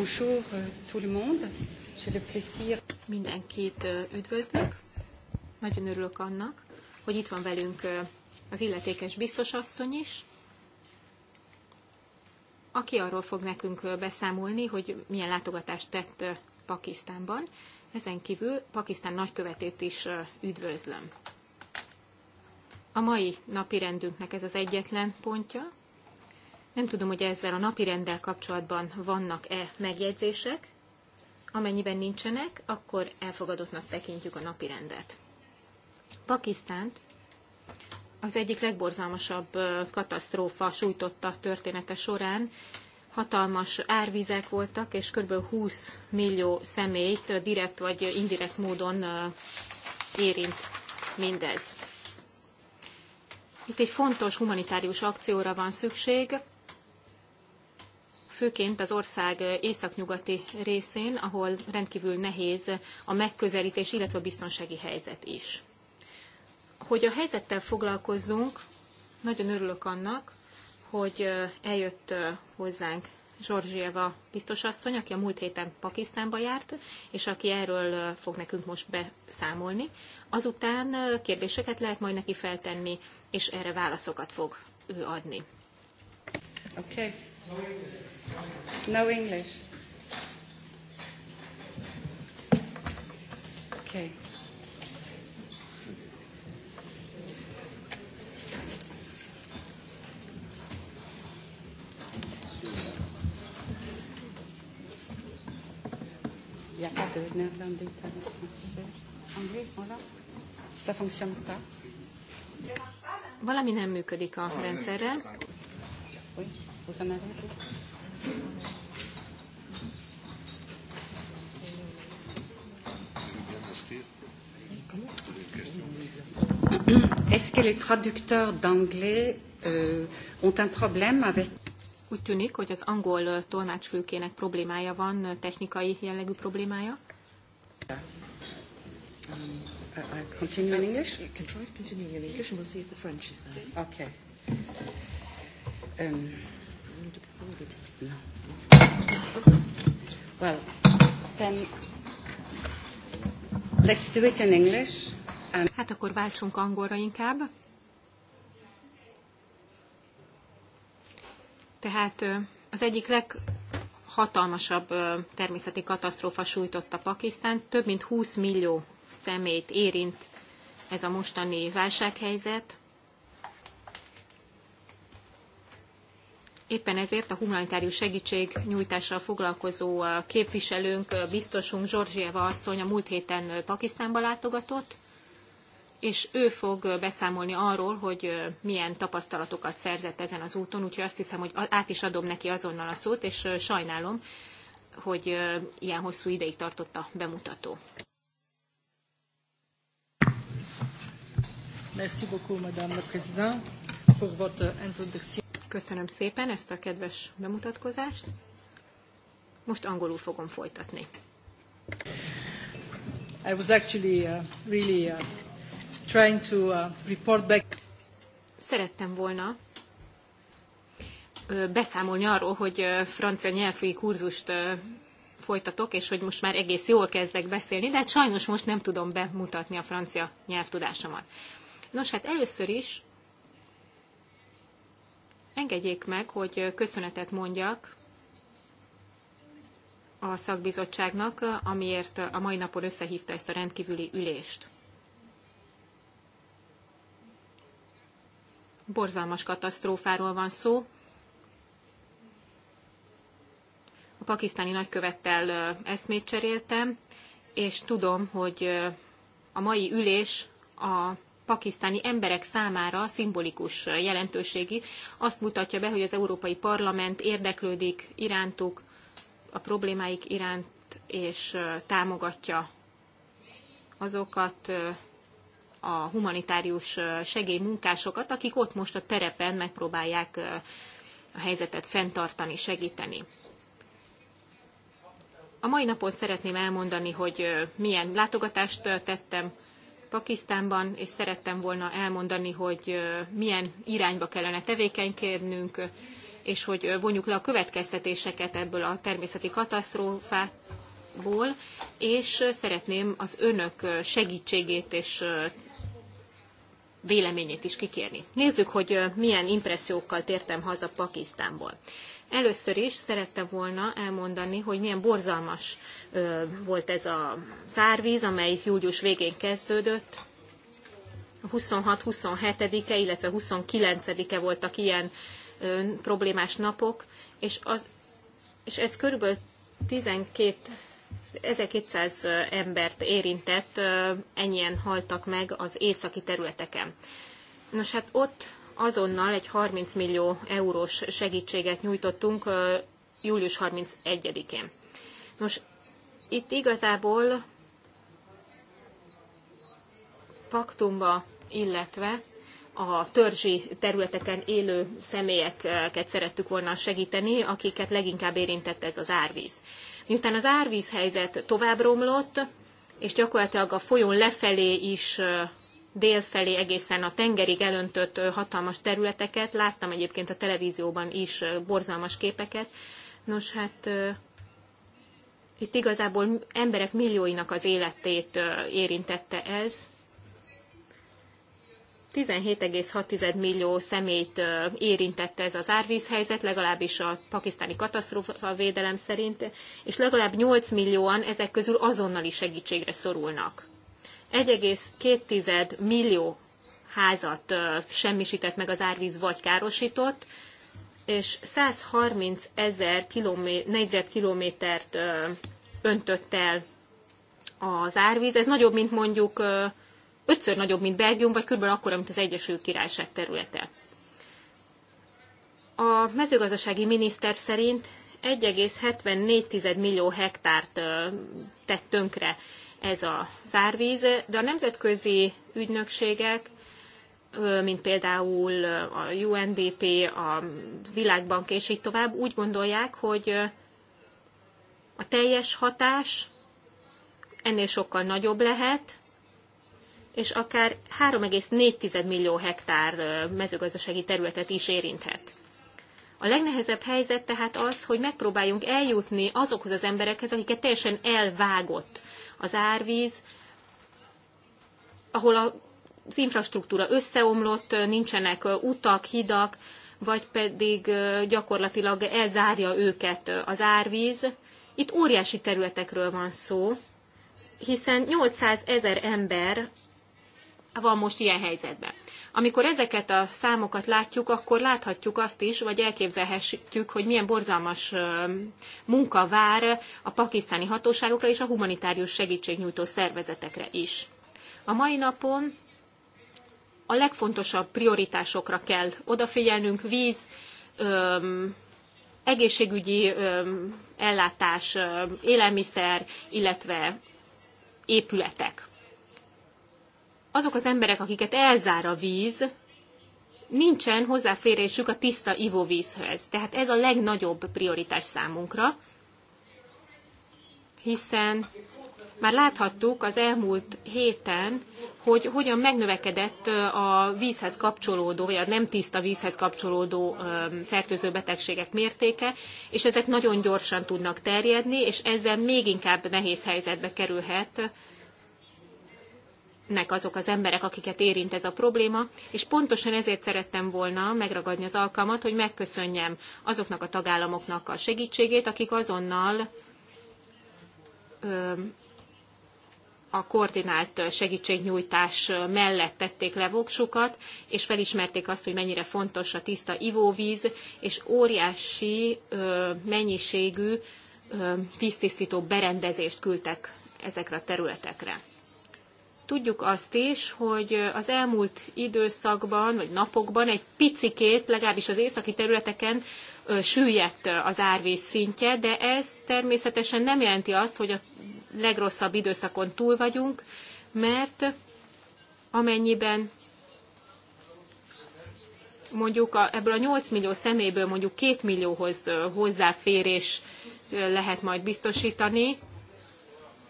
Bonjour euh, tout le monde. J'ai le plaisir. Mindenkit euh, üdvözlök. Nagyon örülök annak, hogy itt van velünk euh, az illetékes biztosasszony is, aki arról fog nekünk beszámolni, hogy milyen látogatást tett Pakisztánban. Ezen kívül Pakisztán nagykövetét is üdvözlöm. A mai napi rendünknek ez az egyetlen pontja, nem tudom, hogy ezzel a napi rendel kapcsolatban vannak-e megjegyzések. Amennyiben nincsenek, akkor elfogadottnak tekintjük a napi rendet. Pakisztánt az egyik legborzalmasabb katasztrófa sújtotta története során. Hatalmas árvizek voltak, és kb. 20 millió személyt direkt vagy indirekt módon érint mindez. Itt egy fontos humanitárius akcióra van szükség, főként az ország északnyugati részén, ahol rendkívül nehéz a megközelítés, illetve a biztonsági helyzet is. Hogy a helyzettel foglalkozzunk, nagyon örülök annak, hogy eljött hozzánk Zsorzsieva biztosasszony, aki a múlt héten Pakisztánba járt, és aki erről fog nekünk most beszámolni. Azután kérdéseket lehet majd neki feltenni, és erre válaszokat fog ő adni. Okay. No English. Okay. Il n'y a pas de néerlandais, italien, français. Anglais, ils sont là Ça ne fonctionne pas. Valami nem működik a rendszerrel. Oui. Vous Est-ce que les traducteurs d'anglais euh, ont un problème avec úgy tűnik, hogy az angol tolmácsfőkének problémája van, technikai jellegű problémája. Uh, uh, uh, um, Well, then let's do it in English. And... Hát akkor váltsunk angolra inkább. Tehát az egyik leghatalmasabb természeti katasztrófa sújtotta Pakisztánt. Több mint 20 millió szemét érint ez a mostani válsághelyzet. Éppen ezért a humanitárius segítség nyújtással foglalkozó képviselőnk, biztosunk Zsorzsieva asszony a múlt héten Pakisztánba látogatott, és ő fog beszámolni arról, hogy milyen tapasztalatokat szerzett ezen az úton, úgyhogy azt hiszem, hogy át is adom neki azonnal a szót, és sajnálom, hogy ilyen hosszú ideig tartott a bemutató. Merci beaucoup, Madame la Présidente, pour votre introduction. Köszönöm szépen ezt a kedves bemutatkozást. Most angolul fogom folytatni. I was actually uh, really uh, trying to uh, report back. Szerettem volna beszámolni arról, hogy francia nyelvfői kurzust folytatok, és hogy most már egész jól kezdek beszélni, de hát sajnos most nem tudom bemutatni a francia nyelvtudásomat. Nos, hát először is Engedjék meg, hogy köszönetet mondjak a szakbizottságnak, amiért a mai napon összehívta ezt a rendkívüli ülést. Borzalmas katasztrófáról van szó. A pakisztáni nagykövettel eszmét cseréltem, és tudom, hogy a mai ülés a pakisztáni emberek számára szimbolikus jelentőségi. Azt mutatja be, hogy az Európai Parlament érdeklődik irántuk, a problémáik iránt, és támogatja azokat a humanitárius segélymunkásokat, akik ott most a terepen megpróbálják a helyzetet fenntartani, segíteni. A mai napon szeretném elmondani, hogy milyen látogatást tettem Pakisztánban, és szerettem volna elmondani, hogy milyen irányba kellene tevékenykednünk, és hogy vonjuk le a következtetéseket ebből a természeti katasztrófából, és szeretném az önök segítségét és véleményét is kikérni. Nézzük, hogy milyen impressziókkal tértem haza Pakisztánból. Először is szerette volna elmondani, hogy milyen borzalmas volt ez a zárvíz, amely július végén kezdődött. 26-27-e, illetve 29-e voltak ilyen problémás napok, és, az, és ez körülbelül 12 1200 embert érintett, ennyien haltak meg az északi területeken. Nos, hát ott azonnal egy 30 millió eurós segítséget nyújtottunk július 31-én. Nos, itt igazából paktumba, illetve a törzsi területeken élő személyeket szerettük volna segíteni, akiket leginkább érintett ez az árvíz. Miután az árvíz helyzet tovább romlott, és gyakorlatilag a folyón lefelé is délfelé egészen a tengerig elöntött hatalmas területeket. Láttam egyébként a televízióban is borzalmas képeket. Nos, hát itt igazából emberek millióinak az életét érintette ez. 17,6 millió személyt érintette ez az árvízhelyzet, legalábbis a pakisztáni katasztrófa védelem szerint, és legalább 8 millióan ezek közül azonnali segítségre szorulnak. 1,2 millió házat semmisített meg az árvíz vagy károsított, és 130 ezer négyzetkilométert öntött el az árvíz. Ez nagyobb, mint mondjuk ötször nagyobb, mint Belgium, vagy körülbelül akkora, mint az Egyesült Királyság területe. A mezőgazdasági miniszter szerint 1,74 millió hektárt tett tönkre ez a zárvíz, de a nemzetközi ügynökségek, mint például a UNDP, a Világbank és így tovább, úgy gondolják, hogy a teljes hatás ennél sokkal nagyobb lehet, és akár 3,4 millió hektár mezőgazdasági területet is érinthet. A legnehezebb helyzet tehát az, hogy megpróbáljunk eljutni azokhoz az emberekhez, akiket teljesen elvágott az árvíz, ahol az infrastruktúra összeomlott, nincsenek utak, hidak, vagy pedig gyakorlatilag elzárja őket az árvíz. Itt óriási területekről van szó, hiszen 800 ezer ember van most ilyen helyzetben. Amikor ezeket a számokat látjuk, akkor láthatjuk azt is, vagy elképzelhetjük, hogy milyen borzalmas munka vár a pakisztáni hatóságokra és a humanitárius segítségnyújtó szervezetekre is. A mai napon a legfontosabb prioritásokra kell odafigyelnünk, víz, egészségügyi ellátás, élelmiszer, illetve épületek azok az emberek, akiket elzár a víz, nincsen hozzáférésük a tiszta ivóvízhez. Tehát ez a legnagyobb prioritás számunkra, hiszen már láthattuk az elmúlt héten, hogy hogyan megnövekedett a vízhez kapcsolódó, vagy a nem tiszta vízhez kapcsolódó fertőző betegségek mértéke, és ezek nagyon gyorsan tudnak terjedni, és ezzel még inkább nehéz helyzetbe kerülhet nek azok az emberek, akiket érint ez a probléma, és pontosan ezért szerettem volna megragadni az alkalmat, hogy megköszönjem azoknak a tagállamoknak a segítségét, akik azonnal ö, a koordinált segítségnyújtás mellett tették le voksukat, és felismerték azt, hogy mennyire fontos a tiszta ivóvíz, és óriási ö, mennyiségű ö, víztisztító berendezést küldtek ezekre a területekre. Tudjuk azt is, hogy az elmúlt időszakban, vagy napokban egy picikét, legalábbis az északi területeken süllyedt az árvíz szintje, de ez természetesen nem jelenti azt, hogy a legrosszabb időszakon túl vagyunk, mert amennyiben mondjuk a, ebből a 8 millió személyből mondjuk 2 millióhoz hozzáférés lehet majd biztosítani,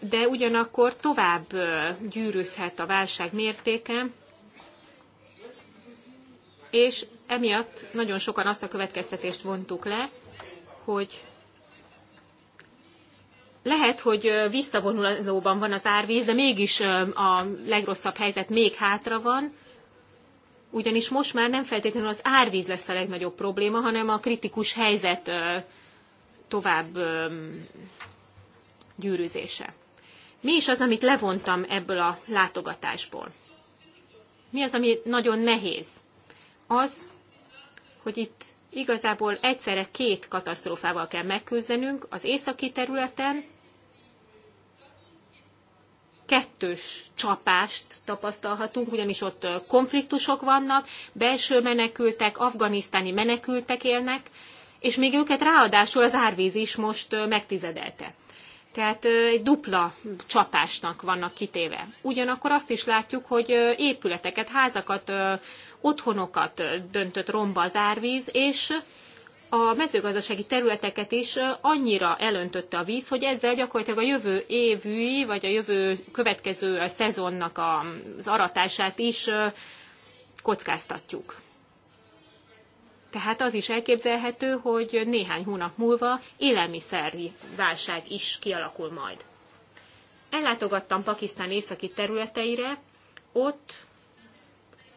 de ugyanakkor tovább gyűrűzhet a válság mértéke, és emiatt nagyon sokan azt a következtetést vontuk le, hogy lehet, hogy visszavonulóban van az árvíz, de mégis a legrosszabb helyzet még hátra van, ugyanis most már nem feltétlenül az árvíz lesz a legnagyobb probléma, hanem a kritikus helyzet tovább gyűrűzése mi is az, amit levontam ebből a látogatásból? Mi az, ami nagyon nehéz? Az, hogy itt igazából egyszerre két katasztrófával kell megküzdenünk. Az északi területen kettős csapást tapasztalhatunk, ugyanis ott konfliktusok vannak, belső menekültek, afganisztáni menekültek élnek, és még őket ráadásul az árvíz is most megtizedelte. Tehát egy dupla csapásnak vannak kitéve. Ugyanakkor azt is látjuk, hogy épületeket, házakat, otthonokat döntött romba az árvíz, és a mezőgazdasági területeket is annyira elöntötte a víz, hogy ezzel gyakorlatilag a jövő évű, vagy a jövő következő szezonnak az aratását is kockáztatjuk. Tehát az is elképzelhető, hogy néhány hónap múlva élelmiszeri válság is kialakul majd. Ellátogattam Pakisztán északi területeire, ott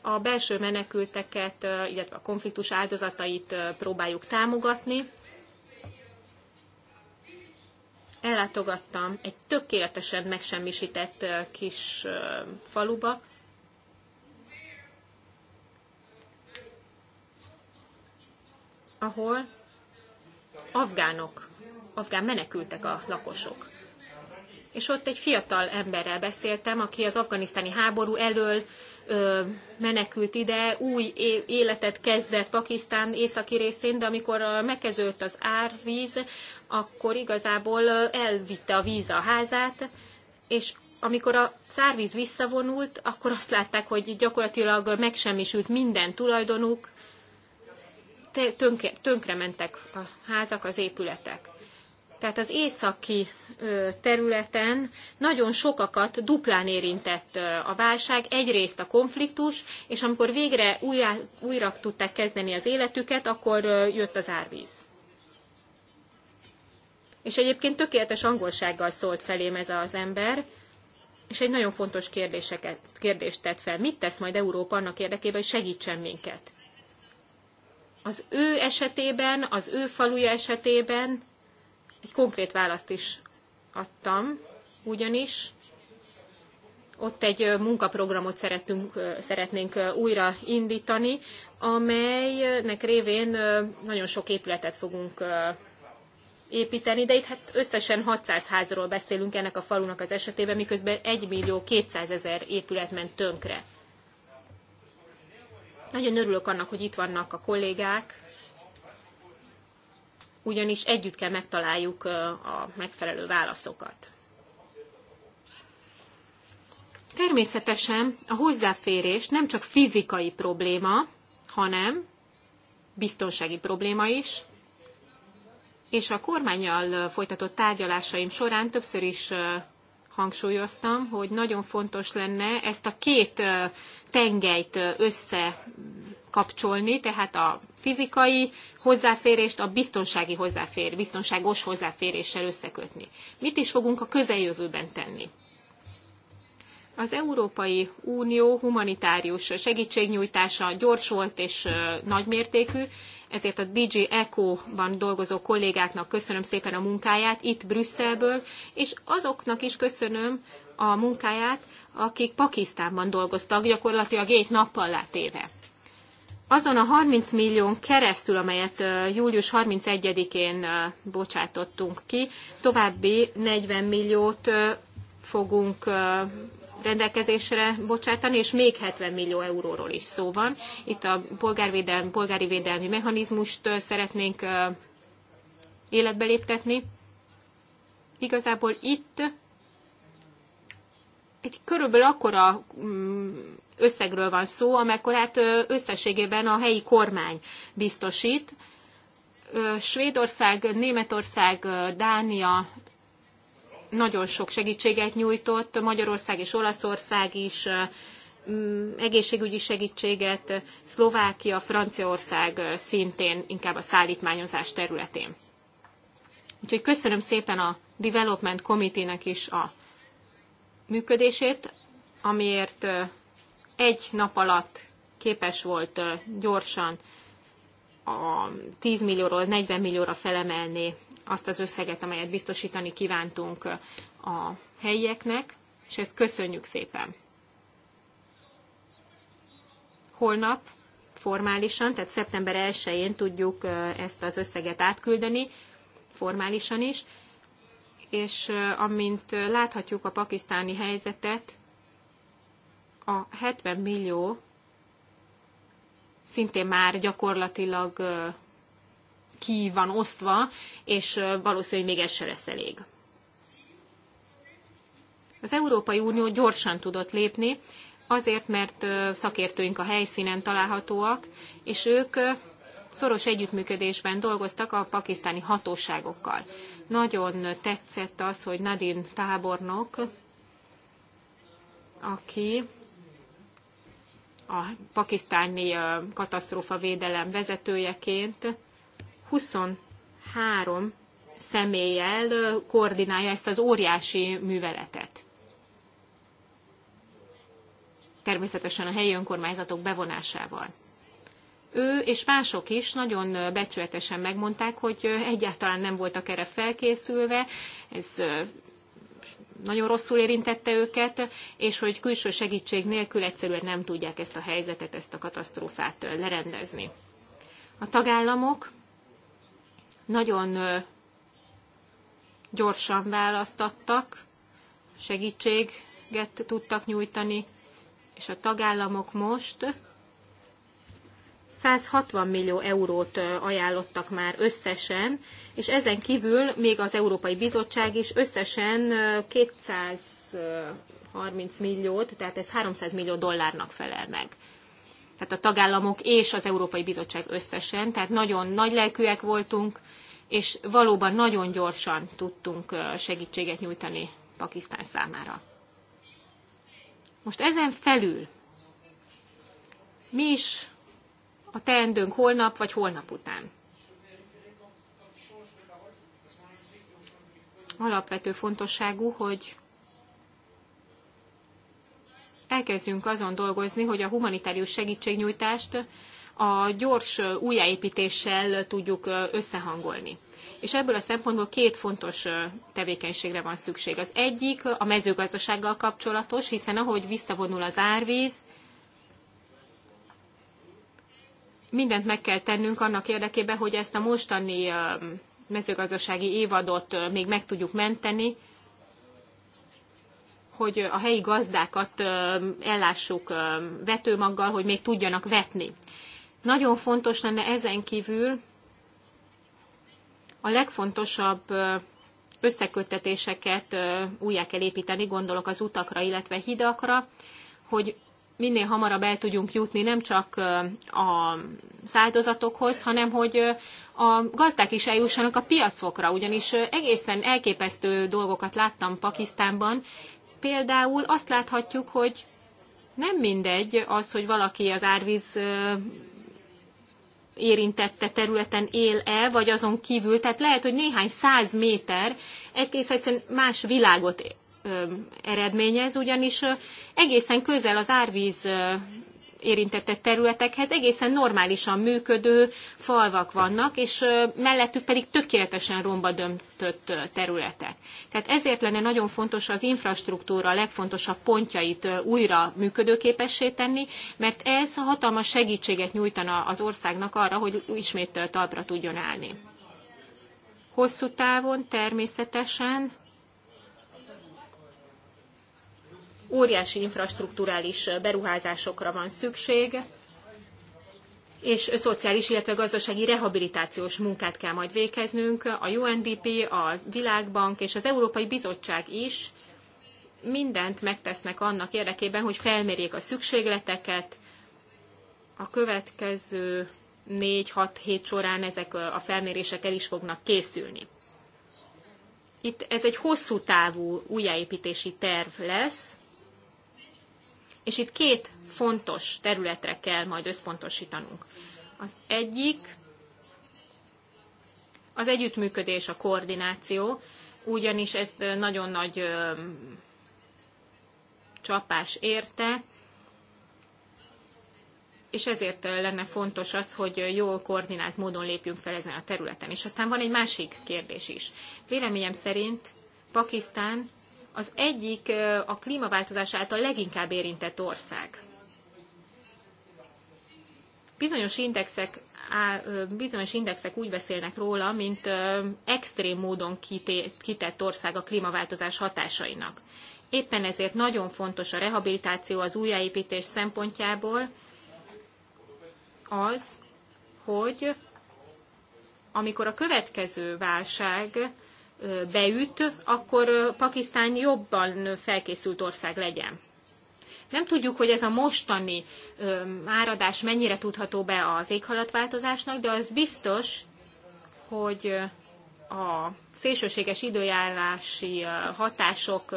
a belső menekülteket, illetve a konfliktus áldozatait próbáljuk támogatni. Ellátogattam egy tökéletesen megsemmisített kis faluba, ahol afgánok, afgán menekültek a lakosok. És ott egy fiatal emberrel beszéltem, aki az afganisztáni háború elől ö, menekült ide, új életet kezdett Pakisztán északi részén, de amikor megkezdődött az árvíz, akkor igazából elvitte a víz a házát, és amikor a szárvíz visszavonult, akkor azt látták, hogy gyakorlatilag megsemmisült minden tulajdonuk, tönkre, tönkrementek a házak, az épületek. Tehát az északi területen nagyon sokakat duplán érintett a válság, egyrészt a konfliktus, és amikor végre újra, újra tudták kezdeni az életüket, akkor jött az árvíz. És egyébként tökéletes angolsággal szólt felém ez az ember, és egy nagyon fontos kérdéseket, kérdést tett fel. Mit tesz majd Európa annak érdekében, hogy segítsen minket? az ő esetében, az ő faluja esetében egy konkrét választ is adtam, ugyanis ott egy munkaprogramot szeretünk, szeretnénk újra indítani, amelynek révén nagyon sok épületet fogunk építeni, de itt hát összesen 600 házról beszélünk ennek a falunak az esetében, miközben 1 millió 200 ezer épület ment tönkre. Nagyon örülök annak, hogy itt vannak a kollégák, ugyanis együtt kell megtaláljuk a megfelelő válaszokat. Természetesen a hozzáférés nem csak fizikai probléma, hanem biztonsági probléma is, és a kormányjal folytatott tárgyalásaim során többször is hangsúlyoztam, hogy nagyon fontos lenne ezt a két tengelyt összekapcsolni, tehát a fizikai hozzáférést a biztonsági hozzáfér, biztonságos hozzáféréssel összekötni. Mit is fogunk a közeljövőben tenni? Az Európai Unió humanitárius segítségnyújtása gyors volt és nagymértékű, ezért a DG Eco-ban dolgozó kollégáknak köszönöm szépen a munkáját itt Brüsszelből, és azoknak is köszönöm a munkáját, akik Pakisztánban dolgoztak, gyakorlatilag egy nappal látéve. Azon a 30 millión keresztül, amelyet július 31-én bocsátottunk ki, további 40 milliót fogunk rendelkezésre bocsátani, és még 70 millió euróról is szó van. Itt a polgárvédelmi, polgári védelmi mechanizmust szeretnénk életbe léptetni. Igazából itt egy körülbelül akkora mm, összegről van szó, amekkorát összességében a helyi kormány biztosít. Svédország, Németország, Dánia, nagyon sok segítséget nyújtott, Magyarország és Olaszország is, egészségügyi segítséget, Szlovákia, Franciaország szintén inkább a szállítmányozás területén. Úgyhogy köszönöm szépen a Development Committee-nek is a működését, amiért egy nap alatt képes volt gyorsan a 10 millióról 40 millióra felemelni azt az összeget, amelyet biztosítani kívántunk a helyieknek, és ezt köszönjük szépen. Holnap formálisan, tehát szeptember 1-én tudjuk ezt az összeget átküldeni, formálisan is, és amint láthatjuk a pakisztáni helyzetet, a 70 millió szintén már gyakorlatilag ki van osztva, és valószínűleg még ez se lesz elég. Az Európai Unió gyorsan tudott lépni, azért, mert szakértőink a helyszínen találhatóak, és ők szoros együttműködésben dolgoztak a pakisztáni hatóságokkal. Nagyon tetszett az, hogy Nadin tábornok, aki a pakisztáni katasztrófa védelem vezetőjeként 23 személlyel koordinálja ezt az óriási műveletet. Természetesen a helyi önkormányzatok bevonásával. Ő és mások is nagyon becsületesen megmondták, hogy egyáltalán nem voltak erre felkészülve, ez nagyon rosszul érintette őket, és hogy külső segítség nélkül egyszerűen nem tudják ezt a helyzetet, ezt a katasztrófát lerendezni. A tagállamok nagyon gyorsan választattak, segítséget tudtak nyújtani, és a tagállamok most 160 millió eurót ajánlottak már összesen, és ezen kívül még az Európai Bizottság is összesen 230 milliót, tehát ez 300 millió dollárnak felel meg tehát a tagállamok és az Európai Bizottság összesen, tehát nagyon nagy lelkűek voltunk, és valóban nagyon gyorsan tudtunk segítséget nyújtani Pakisztán számára. Most ezen felül mi is a teendőnk holnap vagy holnap után? Alapvető fontosságú, hogy elkezdjünk azon dolgozni, hogy a humanitárius segítségnyújtást a gyors újjáépítéssel tudjuk összehangolni. És ebből a szempontból két fontos tevékenységre van szükség. Az egyik a mezőgazdasággal kapcsolatos, hiszen ahogy visszavonul az árvíz, mindent meg kell tennünk annak érdekében, hogy ezt a mostani mezőgazdasági évadot még meg tudjuk menteni, hogy a helyi gazdákat ellássuk vetőmaggal, hogy még tudjanak vetni. Nagyon fontos lenne ezen kívül a legfontosabb összeköttetéseket újjá kell építeni, gondolok az utakra, illetve hidakra, hogy minél hamarabb el tudjunk jutni nem csak a áldozatokhoz, hanem hogy a gazdák is eljussanak a piacokra, ugyanis egészen elképesztő dolgokat láttam Pakisztánban, például azt láthatjuk, hogy nem mindegy az, hogy valaki az árvíz érintette területen él-e, vagy azon kívül, tehát lehet, hogy néhány száz méter egész egyszerűen más világot eredményez, ugyanis egészen közel az árvíz érintette területekhez egészen normálisan működő falvak vannak, és mellettük pedig tökéletesen romba döntött területek. Tehát ezért lenne nagyon fontos az infrastruktúra legfontosabb pontjait újra működőképessé tenni, mert ez hatalmas segítséget nyújtana az országnak arra, hogy ismét talpra tudjon állni. Hosszú távon természetesen óriási infrastruktúrális beruházásokra van szükség, és szociális, illetve gazdasági rehabilitációs munkát kell majd végeznünk. A UNDP, a Világbank és az Európai Bizottság is mindent megtesznek annak érdekében, hogy felmérjék a szükségleteket. A következő 4-6 hét során ezek a felmérések el is fognak készülni. Itt ez egy hosszú távú újjáépítési terv lesz, és itt két fontos területre kell majd összpontosítanunk. Az egyik az együttműködés, a koordináció, ugyanis ez nagyon nagy ö, csapás érte, és ezért lenne fontos az, hogy jól koordinált módon lépjünk fel ezen a területen. És aztán van egy másik kérdés is. Véleményem szerint Pakisztán az egyik a klímaváltozás által leginkább érintett ország. Bizonyos indexek, bizonyos indexek úgy beszélnek róla, mint extrém módon kitett ország a klímaváltozás hatásainak. Éppen ezért nagyon fontos a rehabilitáció az újjáépítés szempontjából az, hogy amikor a következő válság beüt, akkor Pakisztán jobban felkészült ország legyen. Nem tudjuk, hogy ez a mostani áradás mennyire tudható be az éghajlatváltozásnak, de az biztos, hogy a szélsőséges időjárási hatások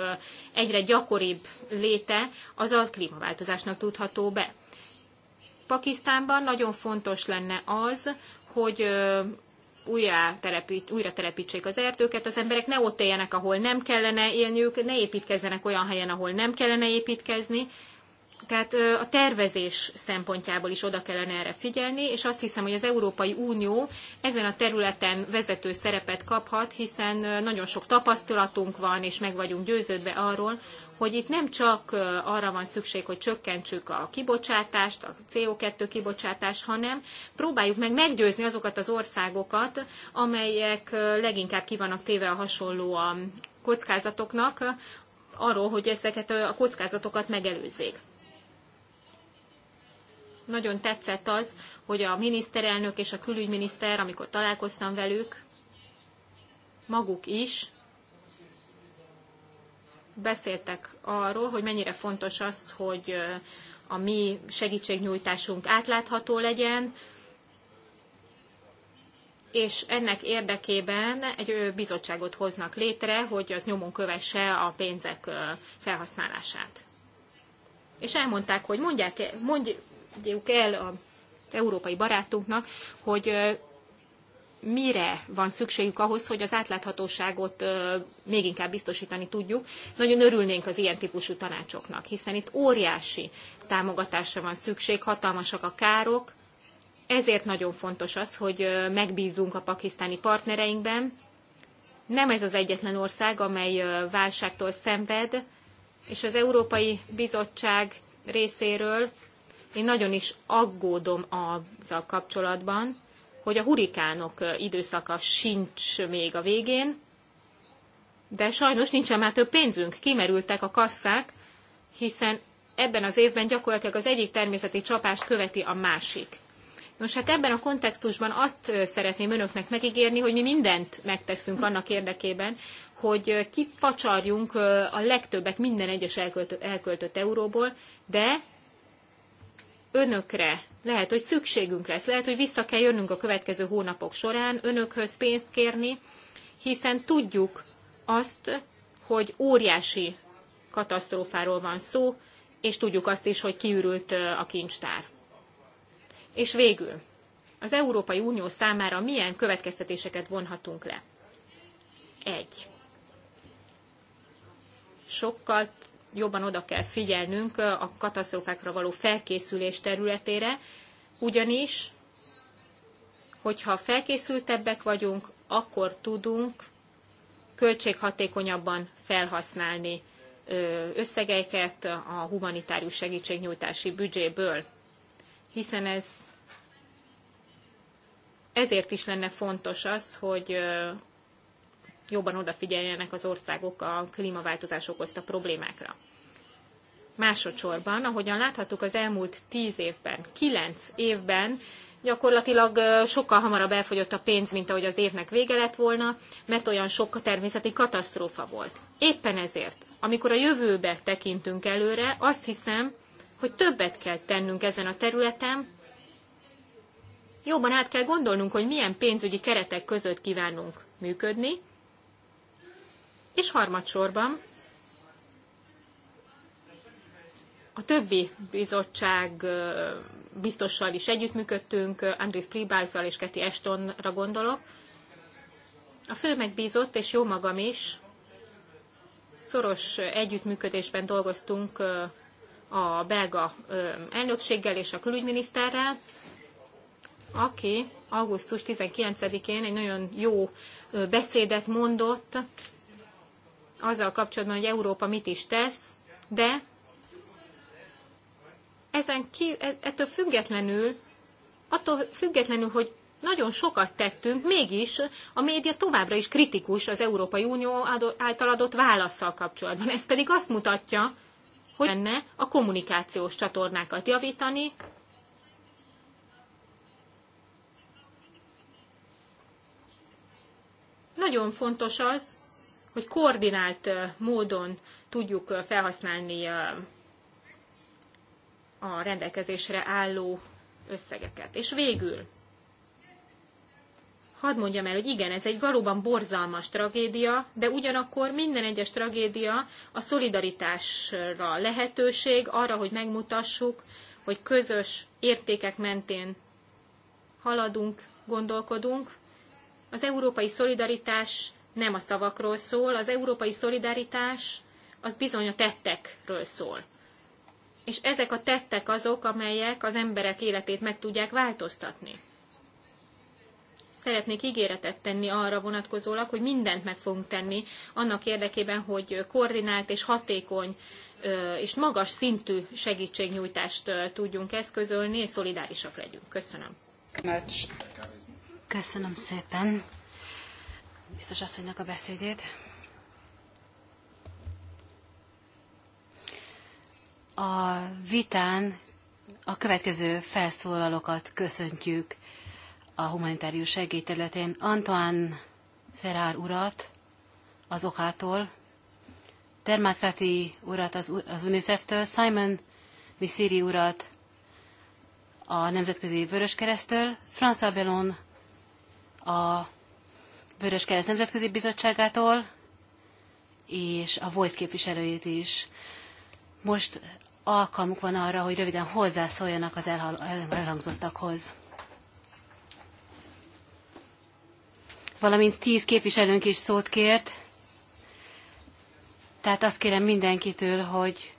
egyre gyakoribb léte az a klímaváltozásnak tudható be. Pakisztánban nagyon fontos lenne az, hogy újra, telepít, újra telepítsék az erdőket, az emberek ne ott éljenek, ahol nem kellene élniük, ne építkezzenek olyan helyen, ahol nem kellene építkezni, tehát a tervezés szempontjából is oda kellene erre figyelni, és azt hiszem, hogy az Európai Unió ezen a területen vezető szerepet kaphat, hiszen nagyon sok tapasztalatunk van, és meg vagyunk győződve arról, hogy itt nem csak arra van szükség, hogy csökkentsük a kibocsátást, a CO2 kibocsátást, hanem próbáljuk meg meggyőzni azokat az országokat, amelyek leginkább vannak téve a hasonló a kockázatoknak, arról, hogy ezeket a kockázatokat megelőzzék nagyon tetszett az, hogy a miniszterelnök és a külügyminiszter, amikor találkoztam velük, maguk is beszéltek arról, hogy mennyire fontos az, hogy a mi segítségnyújtásunk átlátható legyen, és ennek érdekében egy bizottságot hoznak létre, hogy az nyomon kövesse a pénzek felhasználását. És elmondták, hogy mondják, mondj, mondjuk el a európai barátunknak, hogy mire van szükségük ahhoz, hogy az átláthatóságot még inkább biztosítani tudjuk. Nagyon örülnénk az ilyen típusú tanácsoknak, hiszen itt óriási támogatásra van szükség, hatalmasak a károk, ezért nagyon fontos az, hogy megbízunk a pakisztáni partnereinkben. Nem ez az egyetlen ország, amely válságtól szenved, és az Európai Bizottság részéről én nagyon is aggódom azzal kapcsolatban, hogy a hurikánok időszaka sincs még a végén, de sajnos nincsen már több pénzünk. Kimerültek a kasszák, hiszen ebben az évben gyakorlatilag az egyik természeti csapást követi a másik. Nos, hát ebben a kontextusban azt szeretném önöknek megígérni, hogy mi mindent megteszünk annak érdekében, hogy kifacsarjunk a legtöbbet minden egyes elköltött, elköltött euróból, de önökre lehet, hogy szükségünk lesz, lehet, hogy vissza kell jönnünk a következő hónapok során önökhöz pénzt kérni, hiszen tudjuk azt, hogy óriási katasztrófáról van szó, és tudjuk azt is, hogy kiürült a kincstár. És végül, az Európai Unió számára milyen következtetéseket vonhatunk le? Egy. Sokkal jobban oda kell figyelnünk a katasztrófákra való felkészülés területére, ugyanis, hogyha felkészültebbek vagyunk, akkor tudunk költséghatékonyabban felhasználni összegeiket a humanitárius segítségnyújtási büdzséből, hiszen ez ezért is lenne fontos az, hogy jobban odafigyeljenek az országok a klímaváltozás okozta problémákra. Másodszorban, ahogyan láthattuk az elmúlt tíz évben, kilenc évben, gyakorlatilag sokkal hamarabb elfogyott a pénz, mint ahogy az évnek vége lett volna, mert olyan sok természeti katasztrófa volt. Éppen ezért, amikor a jövőbe tekintünk előre, azt hiszem, hogy többet kell tennünk ezen a területen, jobban át kell gondolnunk, hogy milyen pénzügyi keretek között kívánunk működni, és harmadsorban A többi bizottság biztossal is együttműködtünk, Andris Pribázzal és Keti Estonra gondolok. A fő megbízott és jó magam is szoros együttműködésben dolgoztunk a belga elnökséggel és a külügyminiszterrel, aki augusztus 19-én egy nagyon jó beszédet mondott azzal kapcsolatban, hogy Európa mit is tesz, de ezen ki, e, ettől függetlenül, attól függetlenül, hogy nagyon sokat tettünk, mégis a média továbbra is kritikus az Európai Unió által adott válaszsal kapcsolatban. Ez pedig azt mutatja, hogy lenne a kommunikációs csatornákat javítani, Nagyon fontos az, hogy koordinált módon tudjuk felhasználni a rendelkezésre álló összegeket. És végül, hadd mondjam el, hogy igen, ez egy valóban borzalmas tragédia, de ugyanakkor minden egyes tragédia a szolidaritásra lehetőség, arra, hogy megmutassuk, hogy közös értékek mentén haladunk, gondolkodunk. Az európai szolidaritás nem a szavakról szól, az európai szolidaritás az bizony a tettekről szól és ezek a tettek azok, amelyek az emberek életét meg tudják változtatni. Szeretnék ígéretet tenni arra vonatkozólag, hogy mindent meg fogunk tenni annak érdekében, hogy koordinált és hatékony és magas szintű segítségnyújtást tudjunk eszközölni, és szolidárisak legyünk. Köszönöm. Köszönöm szépen. Biztos asszonynak a beszédét. A vitán a következő felszólalókat köszöntjük a humanitárius segélyterületén. Antoine Ferrár urat az okától, Termát Kati urat az, UNICEF-től, Simon Missiri urat a Nemzetközi Vöröskeresztől, François Bellon a Vöröskereszt Nemzetközi Bizottságától, és a Voice képviselőjét is. Most alkalmuk van arra, hogy röviden hozzászóljanak az elhangzottakhoz. Valamint tíz képviselőnk is szót kért, tehát azt kérem mindenkitől, hogy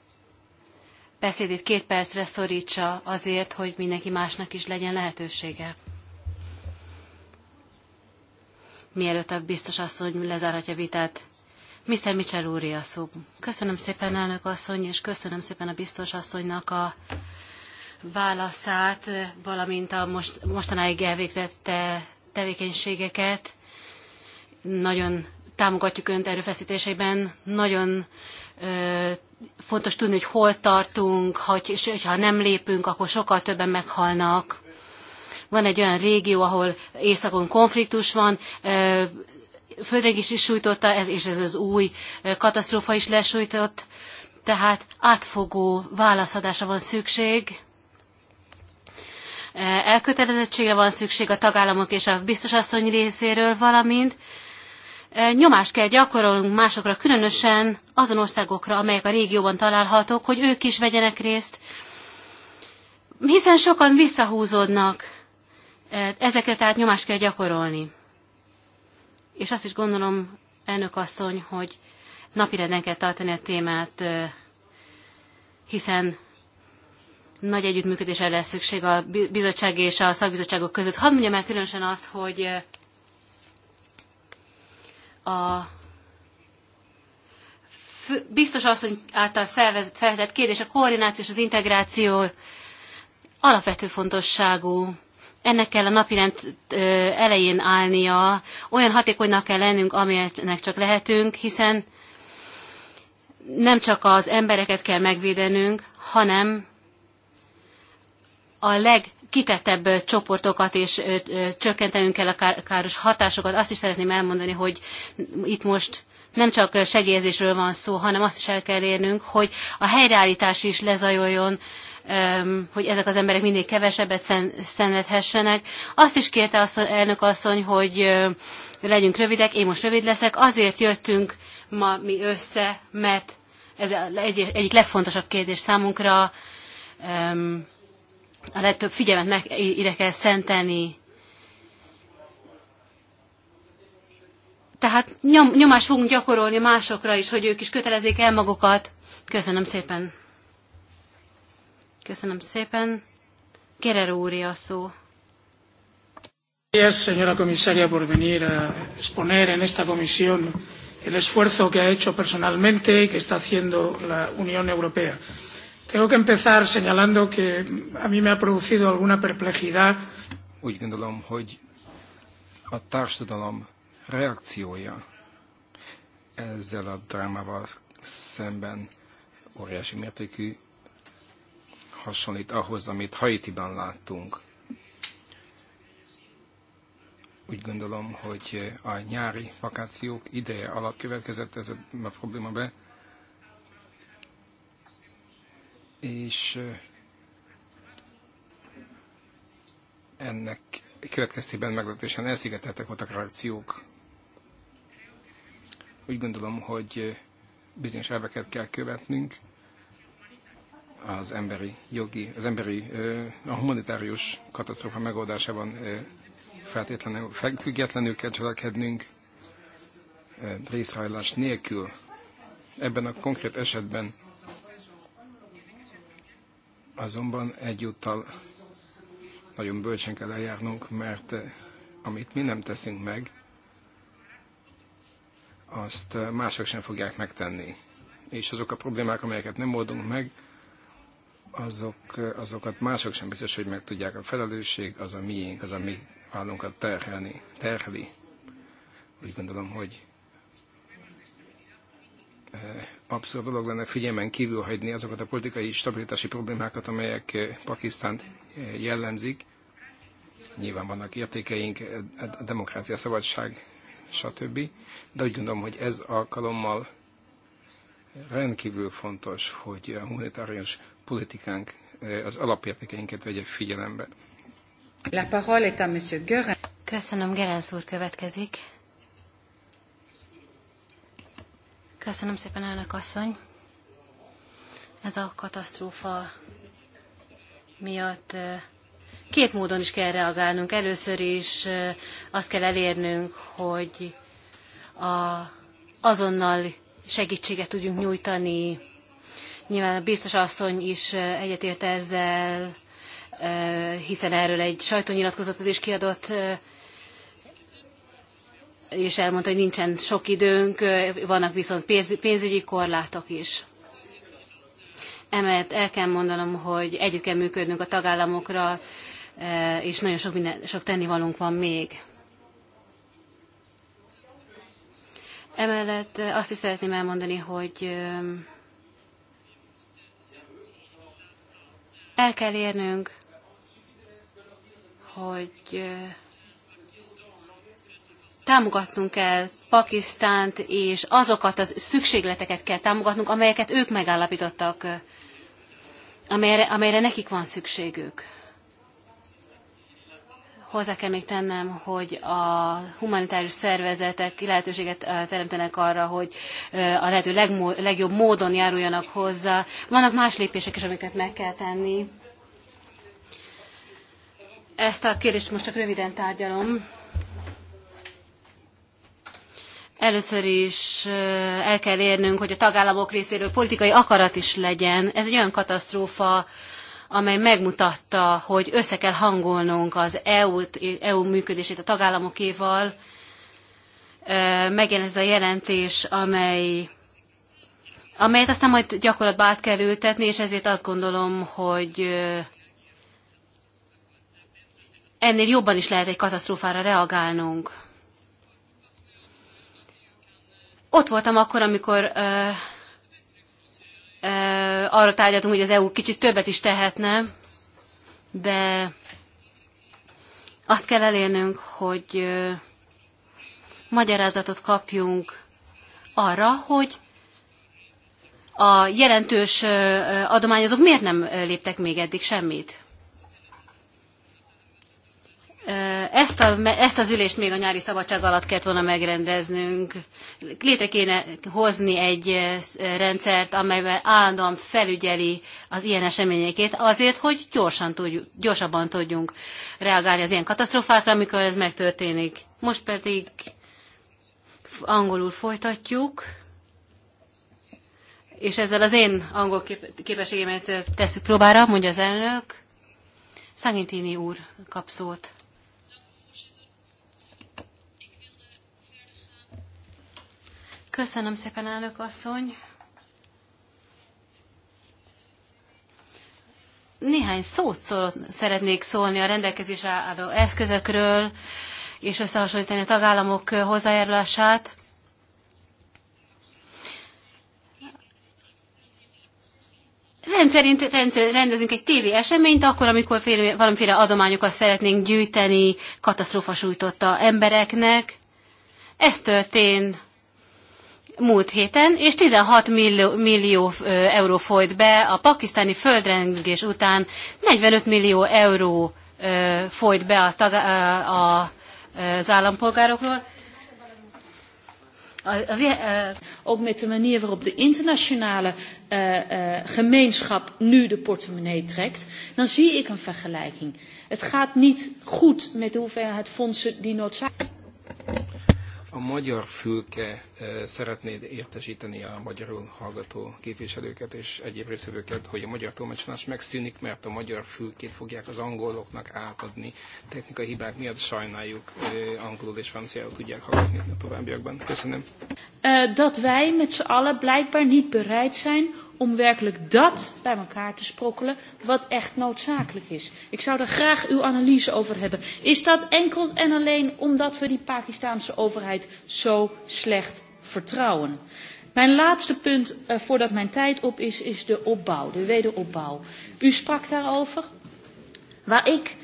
beszédét két percre szorítsa azért, hogy mindenki másnak is legyen lehetősége. Mielőtt a biztos asszony lezárhatja vitát, Mr. Mitchell úr, a szó. Köszönöm szépen, elnök asszony, és köszönöm szépen a biztos asszonynak a válaszát, valamint a most, mostanáig elvégzett eh, tevékenységeket. Nagyon támogatjuk Önt erőfeszítéseiben, nagyon ö, fontos tudni, hogy hol tartunk, hogy, és ha nem lépünk, akkor sokkal többen meghalnak. Van egy olyan régió, ahol északon konfliktus van, ö, is is sújtotta, ez, és ez az új katasztrófa is lesújtott, tehát átfogó válaszadásra van szükség, elkötelezettségre van szükség a tagállamok és a biztosasszony részéről, valamint nyomást kell gyakorolnunk másokra, különösen azon országokra, amelyek a régióban találhatók, hogy ők is vegyenek részt, hiszen sokan visszahúzódnak, ezekre tehát nyomást kell gyakorolni és azt is gondolom, elnök asszony, hogy napirenden kell tartani a témát, hiszen nagy együttműködésre lesz szükség a bizottság és a szakbizottságok között. Hadd mondjam el különösen azt, hogy a biztos asszony által felvetett kérdés, a koordináció és az integráció alapvető fontosságú ennek kell a napirend elején állnia, olyan hatékonynak kell lennünk, amilyennek csak lehetünk, hiszen nem csak az embereket kell megvédenünk, hanem a legkitettebb csoportokat és csökkentenünk kell a káros hatásokat. Azt is szeretném elmondani, hogy itt most nem csak segélyezésről van szó, hanem azt is el kell érnünk, hogy a helyreállítás is lezajoljon, hogy ezek az emberek mindig kevesebbet szenvedhessenek. Azt is kérte az elnök asszony, hogy legyünk rövidek, én most rövid leszek. Azért jöttünk ma mi össze, mert ez egy, egyik legfontosabb kérdés számunkra. A legtöbb figyelmet meg, ide kell szentelni. Tehát nyom, nyomást fogunk gyakorolni másokra is, hogy ők is kötelezzék el magukat. Köszönöm szépen! Köszönöm szépen. Gerer úri a szó. Gracias, señora comisaria, por venir a exponer en esta comisión el esfuerzo que ha hecho personalmente y que está haciendo la Unión Europea. Tengo que empezar señalando que a mí me ha producido alguna perplejidad. Úgy gondolom, hogy a társadalom reakciója ezzel a drámával szemben óriási mértékű hasonlít ahhoz, amit Haitiban láttunk. Úgy gondolom, hogy a nyári vakációk ideje alatt következett ez a probléma be, és ennek következtében meglehetősen elszigeteltek voltak reakciók. Úgy gondolom, hogy bizonyos elveket kell követnünk, az emberi jogi, az emberi, a humanitárius katasztrófa megoldásában feltétlenül, függetlenül kell cselekednünk, részrajlás nélkül. Ebben a konkrét esetben azonban egyúttal nagyon bölcsen kell eljárnunk, mert amit mi nem teszünk meg, azt mások sem fogják megtenni. És azok a problémák, amelyeket nem oldunk meg, azok, eh, azokat mások sem biztos, hogy meg tudják. A felelősség az a miénk, az a mi vállunkat terhelni, terheli. Úgy gondolom, hogy eh, abszurd dolog lenne figyelmen kívül hagyni azokat a politikai stabilitási problémákat, amelyek eh, Pakisztánt jellemzik. Nyilván vannak értékeink, a demokrácia, a szabadság, stb. De úgy gondolom, hogy ez alkalommal rendkívül fontos, hogy a humanitárius politikánk az alapértékeinket vegye figyelembe. La parole est à Monsieur Gören. Köszönöm, Gerenc úr következik. Köszönöm szépen, elnök asszony. Ez a katasztrófa miatt két módon is kell reagálnunk. Először is azt kell elérnünk, hogy a, azonnal segítséget tudjunk nyújtani Nyilván a biztos asszony is egyetért ezzel, hiszen erről egy sajtónyilatkozatot is kiadott, és elmondta, hogy nincsen sok időnk, vannak viszont pénzügyi korlátok is. Emellett el kell mondanom, hogy együtt kell működnünk a tagállamokra, és nagyon sok, minden, sok tennivalónk van még. Emellett azt is szeretném elmondani, hogy El kell érnünk, hogy támogatnunk kell Pakisztánt, és azokat a az szükségleteket kell támogatnunk, amelyeket ők megállapítottak, amelyre, amelyre nekik van szükségük hozzá kell még tennem, hogy a humanitárius szervezetek lehetőséget eh, teremtenek arra, hogy eh, a lehető legjobb módon járuljanak hozzá. Vannak más lépések is, amiket meg kell tenni. Ezt a kérdést most csak röviden tárgyalom. Először is eh, el kell érnünk, hogy a tagállamok részéről politikai akarat is legyen. Ez egy olyan katasztrófa, amely megmutatta, hogy össze kell hangolnunk az EU-t, EU működését a tagállamokéval. Megjelen ez a jelentés, amely amelyet aztán majd gyakorlatba át kell ültetni, és ezért azt gondolom, hogy ennél jobban is lehet egy katasztrófára reagálnunk. Ott voltam akkor, amikor arra tárgyaltunk, hogy az EU kicsit többet is tehetne, de azt kell elérnünk, hogy magyarázatot kapjunk arra, hogy a jelentős adományozók miért nem léptek még eddig semmit. Ezt, a, ezt az ülést még a nyári szabadság alatt kellett volna megrendeznünk. Létre kéne hozni egy rendszert, amelyben állandóan felügyeli az ilyen eseményeket, azért, hogy gyorsan tudjuk, gyorsabban tudjunk reagálni az ilyen katasztrofákra, amikor ez megtörténik. Most pedig angolul folytatjuk, és ezzel az én angol kép- képességemet tesszük próbára, mondja az elnök. Szangintini úr kap szót. Köszönöm szépen, elnök asszony. Néhány szót szeretnék szólni a rendelkezésre álló eszközökről, és összehasonlítani a tagállamok hozzájárulását. rendszerint rendezünk egy téli eseményt, akkor, amikor fél, valamiféle adományokat szeretnénk gyűjteni katasztrófa sújtotta embereknek. Ez történt múlt héten, és 16 millió, millió euró folyt be a pakisztáni földrengés után, 45 millió euró ö, folyt be a tag, a, az állampolgárokról. Az, ook met de manier waarop de internationale uh, uh, gemeenschap nu de portemonnee trekt, dan zie ik een vergelijking. Het gaat niet goed met de hoeveelheid fondsen die noodzakelijk zijn a magyar fülke e, szeretné értesíteni a magyarul hallgató képviselőket és egyéb részvevőket, hogy a magyar tolmácsolás megszűnik, mert a magyar fülkét fogják az angoloknak átadni. Technikai hibák miatt sajnáljuk, e, angolul és franciául tudják hallgatni a továbbiakban. Köszönöm uh, dat wij met z'n allen blijkbaar niet bereid zijn om werkelijk dat bij elkaar te sprokkelen wat echt noodzakelijk is. Ik zou daar graag uw analyse over hebben. Is dat enkel en alleen omdat we die Pakistanse overheid zo slecht vertrouwen? Mijn laatste punt uh, voordat mijn tijd op is, is de opbouw, de wederopbouw. U sprak daarover. Waar ik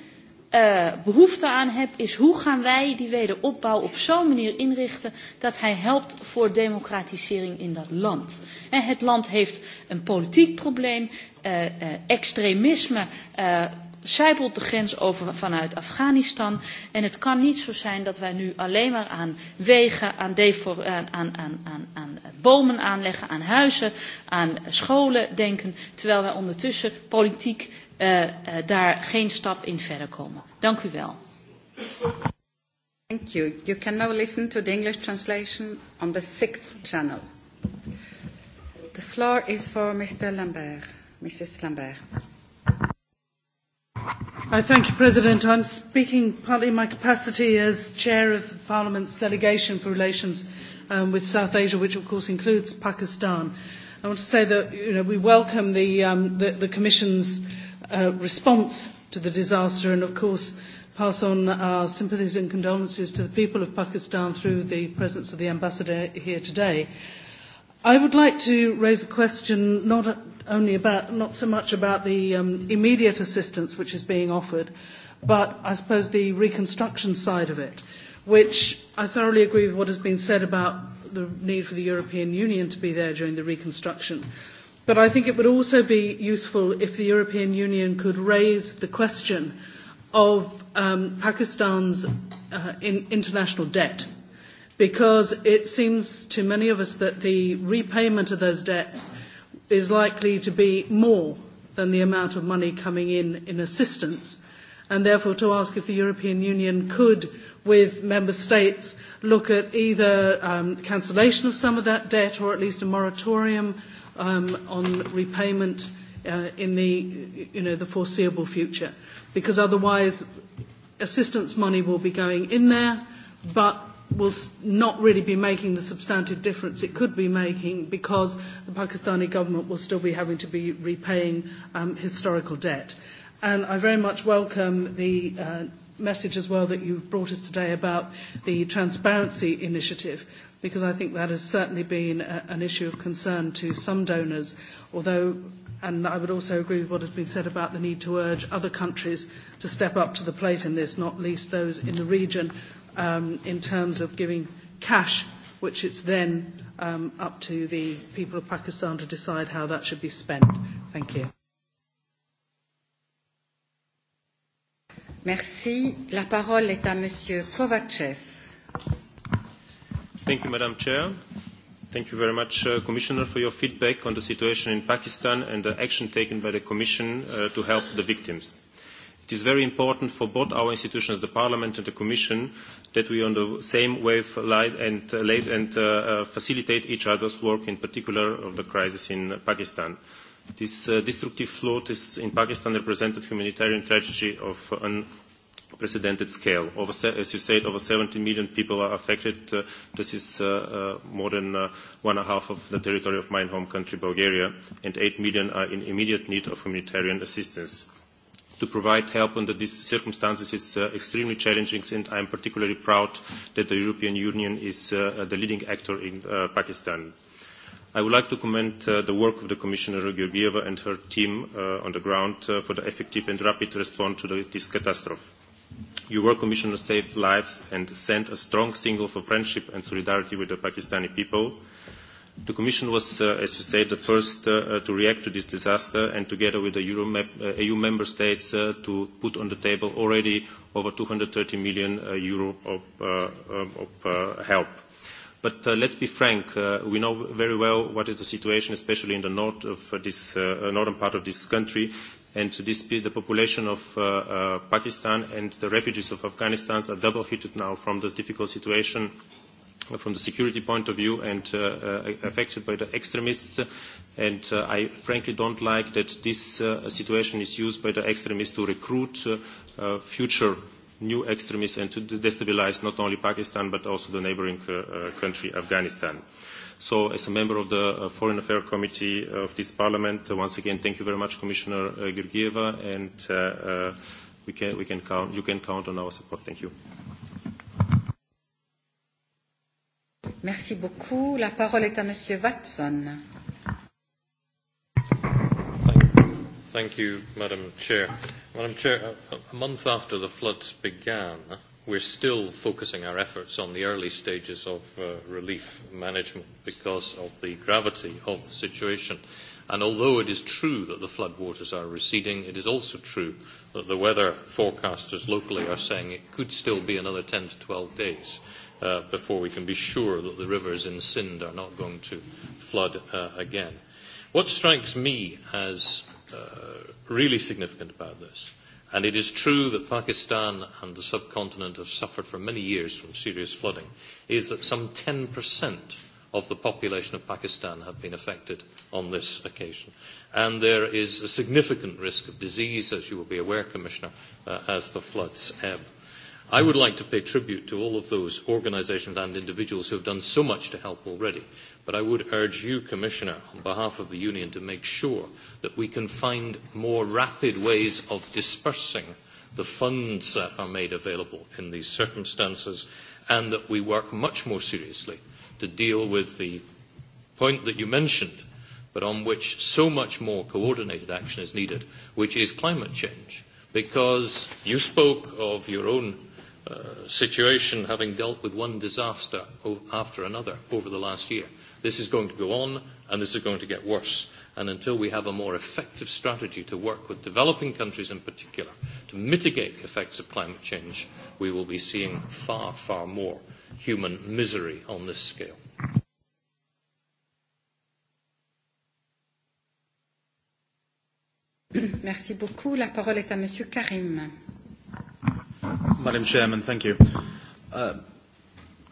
uh, behoefte aan heb, is hoe gaan wij die wederopbouw op zo'n manier inrichten dat hij helpt voor democratisering in dat land. En eh, het land heeft een politiek probleem, uh, uh, extremisme uh, sijpelt de grens over vanuit Afghanistan. En het kan niet zo zijn dat wij nu alleen maar aan wegen, aan, defor, aan, aan, aan, aan, aan bomen aanleggen, aan huizen, aan scholen denken, terwijl wij ondertussen politiek uh, uh, daar geen stap in verder komen. Dank u wel. Thank you. You can now listen to the English translation on the sixth channel. The floor is for Mr. Lambert. Mrs. Lambert. I thank you, President. I'm speaking partly in my capacity as chair of Parliament's delegation for relations um, with South Asia, which of course includes Pakistan. I want to say that you know, we welcome the, um, the, the Commission's uh, response to the disaster and, of course, pass on our sympathies and condolences to the people of Pakistan through the presence of the ambassador here today. I would like to raise a question not only about, not so much about the um, immediate assistance which is being offered, but I suppose the reconstruction side of it, which I thoroughly agree with what has been said about the need for the European Union to be there during the reconstruction. But I think it would also be useful if the European Union could raise the question of um, Pakistan's uh, in international debt, because it seems to many of us that the repayment of those debts is likely to be more than the amount of money coming in in assistance, and therefore to ask if the European Union could, with member states, look at either um, cancellation of some of that debt or at least a moratorium Um, on repayment uh, in the, you know, the foreseeable future, because otherwise assistance money will be going in there, but will not really be making the substantive difference it could be making because the Pakistani government will still be having to be repaying um, historical debt. And I very much welcome the uh, message as well that you've brought us today about the transparency initiative, because I think that has certainly been a, uh, an issue of concern to some donors, although, and I would also agree with what has been said about the need to urge other countries to step up to the plate in this, not least those in the region, um, in terms of giving cash, which it's then um, up to the people of Pakistan to decide how that should be spent. Thank you. Merci. La parole est à Monsieur Kovachev. Thank you, Madam Chair. Thank you very much, uh, Commissioner, for your feedback on the situation in Pakistan and the action taken by the Commission uh, to help the victims. It is very important for both our institutions, the Parliament and the Commission, that we on the same wavelength and, uh, and uh, uh, facilitate each other's work, in particular of the crisis in Pakistan. This uh, destructive flood is in Pakistan represented humanitarian tragedy of an unprecedented scale. Over, as you said, over 70 million people are affected. Uh, this is uh, uh, more than uh, one and a half of the territory of my home country, Bulgaria, and 8 million are in immediate need of humanitarian assistance. To provide help under these circumstances is uh, extremely challenging, and I am particularly proud that the European Union is uh, the leading actor in uh, Pakistan. I would like to commend uh, the work of the Commissioner Georgieva and her team uh, on the ground uh, for the effective and rapid response to the, this catastrophe. Your work, Commissioner, saved lives and sent a strong signal for friendship and solidarity with the Pakistani people. The Commission was, uh, as you said, the first uh, uh to react to this disaster and together with the Euro uh, EU member states uh, to put on the table already over 230 million uh, euro of, uh, of uh, help. But uh, let's be frank, uh, we know very well what is the situation, especially in the north of uh, this, uh, uh, northern part of this country. And this, the population of uh, uh, Pakistan and the refugees of Afghanistan are double hit now from the difficult situation uh, from the security point of view and uh, uh, affected by the extremists. And uh, I frankly don't like that this uh, situation is used by the extremists to recruit uh, uh, future new extremists and to destabilize not only Pakistan but also the neighboring uh, uh country, Afghanistan. So as a member of the uh, Foreign Affairs Committee of this Parliament, uh, once again, thank you very much, Commissioner Georgieva, and uh, uh, we can, we can count, you can count on our support. Thank you. Merci beaucoup. La parole est à Monsieur Watson. Thank you, Madam Chair. Madam Chair, a, month after the floods began, we're still focusing our efforts on the early stages of uh, relief management because of the gravity of the situation. And although it is true that the floodwaters are receding, it is also true that the weather forecasters locally are saying it could still be another 10 to 12 days uh, before we can be sure that the rivers in Sindh are not going to flood uh, again. What strikes me as Uh, really significant about this. And it is true that Pakistan and the subcontinent have suffered for many years from serious flooding, is that some 10% of the population of Pakistan have been affected on this occasion. And there is a significant risk of disease, as you will be aware, Commissioner, uh, as the floods ebb. I would like to pay tribute to all of those organisations and individuals who have done so much to help already, But I would urge you, Commissioner, on behalf of the Union, to make sure that we can find more rapid ways of dispersing the funds that are made available in these circumstances and that we work much more seriously to deal with the point that you mentioned, but on which so much more coordinated action is needed, which is climate change. Because you spoke of your own uh, situation having dealt with one disaster after another over the last year. This is going to go on and this is going to get worse. And until we have a more effective strategy to work with developing countries in particular to mitigate the effects of climate change, we will be seeing far, far more human misery on this scale. Merci beaucoup. La parole est à Monsieur Karim. Madam Chairman, thank you. Uh,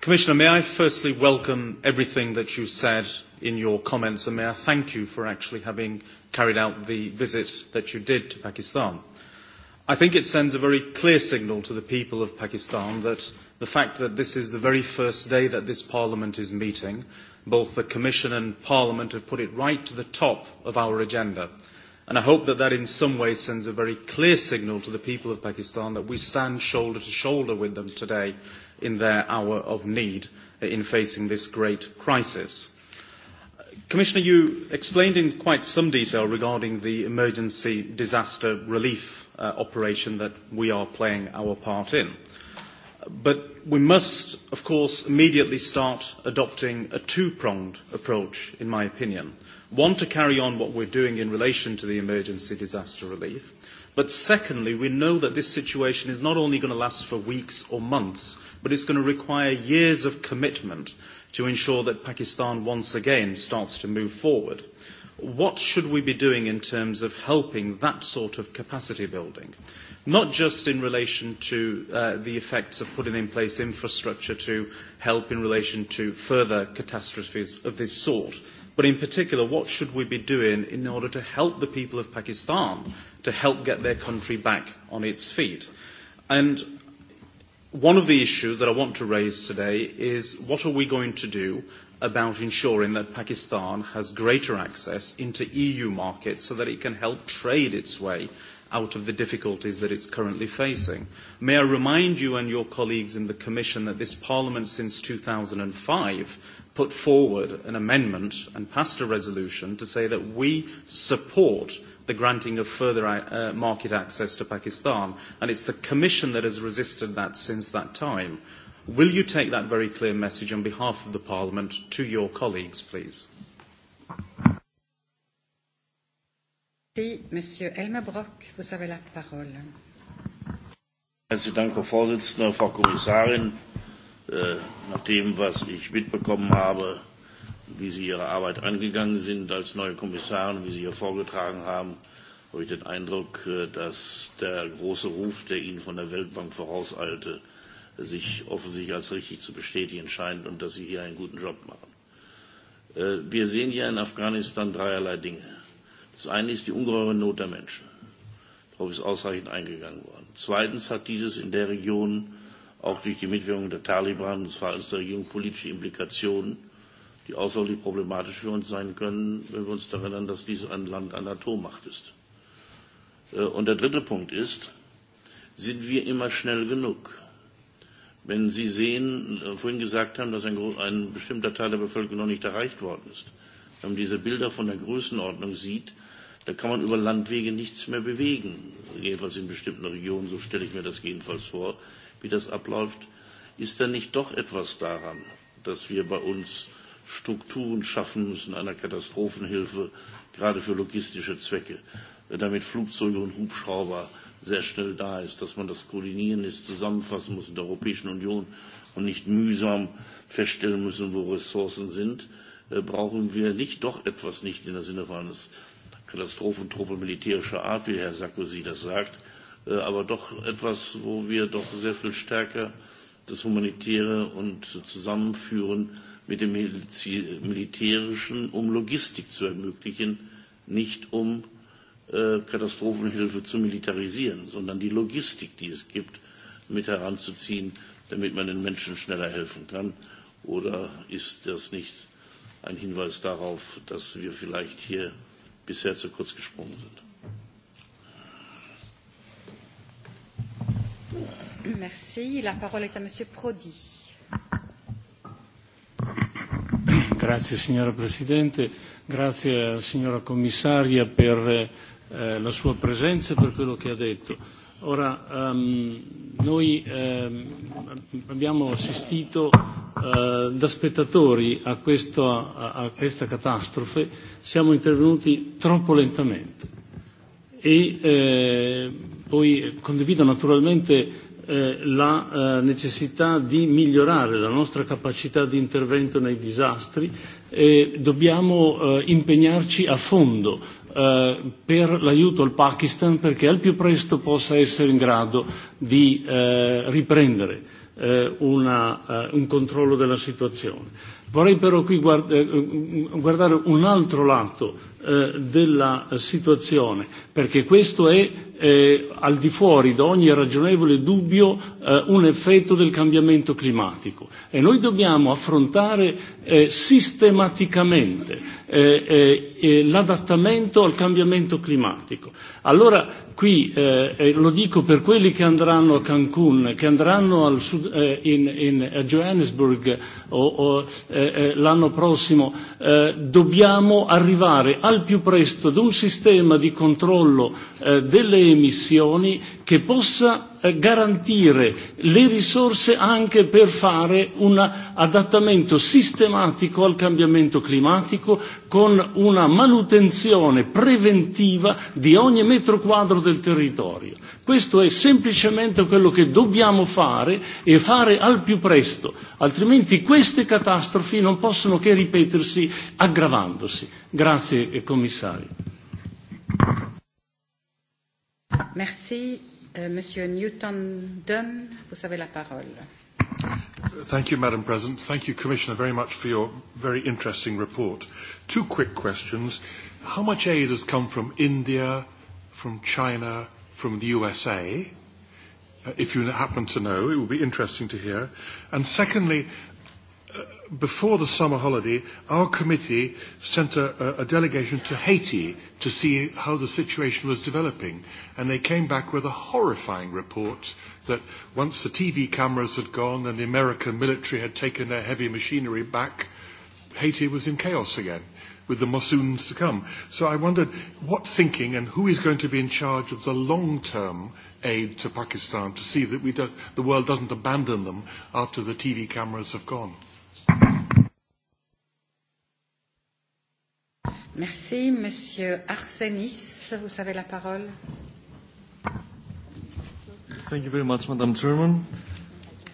Commissioner, may I firstly welcome everything that you said in your comments, and may I thank you for actually having carried out the visit that you did to Pakistan. I think it sends a very clear signal to the people of Pakistan that the fact that this is the very first day that this Parliament is meeting, both the Commission and Parliament have put it right to the top of our agenda. And I hope that that in some way sends a very clear signal to the people of Pakistan that we stand shoulder to shoulder with them today in their hour of need in facing this great crisis. Commissioner, you explained in quite some detail regarding the emergency disaster relief uh, operation that we are playing our part in. But we must, of course, immediately start adopting a two-pronged approach, in my opinion. One, to carry on what we're doing in relation to the emergency disaster relief, But secondly, we know that this situation is not only going to last for weeks or months, but it's going to require years of commitment to ensure that Pakistan once again starts to move forward. What should we be doing in terms of helping that sort of capacity building? Not just in relation to uh, the effects of putting in place infrastructure to help in relation to further catastrophes of this sort, But in particular, what should we be doing in order to help the people of Pakistan to help get their country back on its feet? And one of the issues that I want to raise today is what are we going to do about ensuring that Pakistan has greater access into EU markets so that it can help trade its way out of the difficulties that it's currently facing. May I remind you and your colleagues in the Commission that this Parliament since 2005 put forward an amendment and passed a resolution to say that we support the granting of further uh, market access to Pakistan. And it's the Commission that has resisted that since that time. Will you take that very clear message on behalf of the Parliament to your colleagues, please? Monsieur Elmer vous avez la parole. Herzlichen Dank, Frau Vorsitzende, Frau Kommissarin. Äh, nach dem, was ich mitbekommen habe, wie Sie Ihre Arbeit angegangen sind als neue Kommissarin, wie Sie hier vorgetragen haben, habe ich den Eindruck, äh, dass der große Ruf, der Ihnen von der Weltbank vorauseilte, sich offensichtlich als richtig zu bestätigen scheint und dass Sie hier einen guten Job machen. Äh, wir sehen hier in Afghanistan dreierlei Dinge. Das eine ist die ungeheure Not der Menschen. Darauf ist ausreichend eingegangen worden. Zweitens hat dieses in der Region auch durch die Mitwirkung der Taliban des Verhaltens der Regierung politische Implikationen, die außerordentlich problematisch für uns sein können, wenn wir uns daran erinnern, dass dies ein Land einer Atommacht ist. Äh, und der dritte Punkt ist, sind wir immer schnell genug? Wenn Sie sehen, äh, vorhin gesagt haben, dass ein, ein bestimmter Teil der Bevölkerung noch nicht erreicht worden ist, wenn man diese Bilder von der Größenordnung sieht, da kann man über Landwege nichts mehr bewegen, jedenfalls in bestimmten Regionen, so stelle ich mir das jedenfalls vor wie das abläuft, ist da nicht doch etwas daran, dass wir bei uns Strukturen schaffen müssen einer Katastrophenhilfe, gerade für logistische Zwecke, damit Flugzeuge und Hubschrauber sehr schnell da ist, dass man das koordinieren ist, zusammenfassen muss in der Europäischen Union und nicht mühsam feststellen müssen, wo Ressourcen sind, äh, brauchen wir nicht doch etwas nicht in der Sinne von eines Katastrophentruppe militärischer Art, wie Herr Sarkozy das sagt, Äh, aber doch etwas, wo wir doch sehr viel stärker das Humanitäre und zusammenführen mit dem Militärischen, um Logistik zu ermöglichen, nicht um äh, Katastrophenhilfe zu militarisieren, sondern die Logistik, die es gibt, mit heranzuziehen, damit man den Menschen schneller helfen kann. Oder ist das nicht ein Hinweis darauf, dass wir vielleicht hier bisher zu kurz gesprungen sind? Merci. La parole est à Monsieur Prodi. Grazie signora Presidente, grazie alla signora Commissaria per eh, la sua presenza e per quello che ha detto. Ora, um, noi um, abbiamo assistito uh, da spettatori a, questo, a, a questa catastrofe, siamo intervenuti troppo lentamente e eh, poi condivido naturalmente Eh, la eh, necessità di migliorare la nostra capacità di intervento nei disastri e dobbiamo eh, impegnarci a fondo per l'aiuto al Pakistan perché al più presto possa essere in grado di riprendere una, un controllo della situazione. Vorrei però qui guardare un altro lato Eh, della situazione, perché questo è eh, al di fuori da ogni ragionevole dubbio eh, un effetto del cambiamento climatico e noi dobbiamo affrontare eh, sistematicamente eh, eh, eh, l'adattamento al cambiamento climatico. Allora qui eh, eh, lo dico per quelli che andranno a Cancun, che andranno al sud, eh, in, in, a Johannesburg o, o, eh, eh, l'anno prossimo, eh, dobbiamo arrivare a al più presto ad un sistema di controllo eh, delle emissioni che possa garantire le risorse anche per fare un adattamento sistematico al cambiamento climatico con una manutenzione preventiva di ogni metro quadro del territorio. Questo è semplicemente quello che dobbiamo fare e fare al più presto, altrimenti queste catastrofi non possono che ripetersi aggravandosi. Grazie eh, commissario. Merci. Euh, Monsieur Newton Dunn, vous avez la parole. Thank you, Madam President. Thank you, Commissioner, very much for your very interesting report. Two quick questions. How much aid has come from India, from China, from the USA? Uh, if you happen to know, it would be interesting to hear. And secondly, before the summer holiday, our committee sent a, a delegation to Haiti to see how the situation was developing. And they came back with a horrifying report that once the TV cameras had gone and the American military had taken their heavy machinery back, Haiti was in chaos again with the monsoons to come. So I wondered what thinking and who is going to be in charge of the long-term aid to Pakistan to see that we the world doesn't abandon them after the TV cameras have gone. Merci. Monsieur Arsenis, vous avez la parole. Thank you very much, Madam Chairman.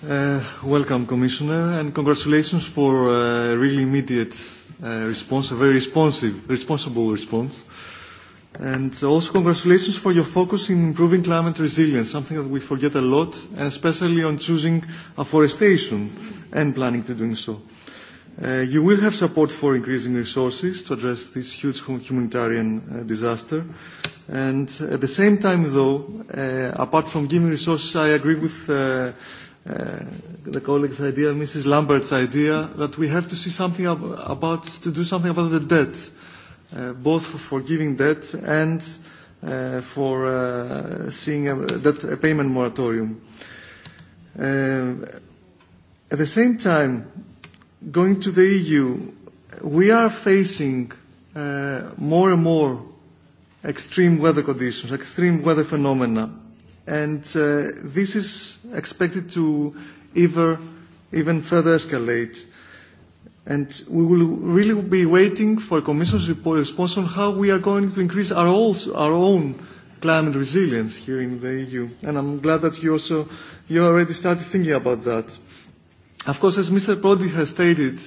Uh, welcome, Commissioner, and congratulations for a uh, really immediate uh, response, a very responsive, responsible response. And also congratulations for your focus in improving climate resilience, something that we forget a lot, and especially on choosing afforestation and planning to doing so. Uh, Uh, you will have support for increasing resources to address this huge humanitarian uh, disaster. And at the same time, though, uh, apart from giving resources, I agree with uh, uh, the colleague's idea, Mrs. Lambert's idea, that we have to see something ab- about to do something about the debt, uh, both for forgiving debt and uh, for uh, seeing a, debt, a payment moratorium. Uh, at the same time, going to the EU, we are facing uh, more and more extreme weather conditions, extreme weather phenomena, and uh, this is expected to either even further escalate. And we will really be waiting for a Commission's response on how we are going to increase our, also, our own climate resilience here in the EU. And I'm glad that you also you already started thinking about that. Of course, as Mr. Prodi has stated,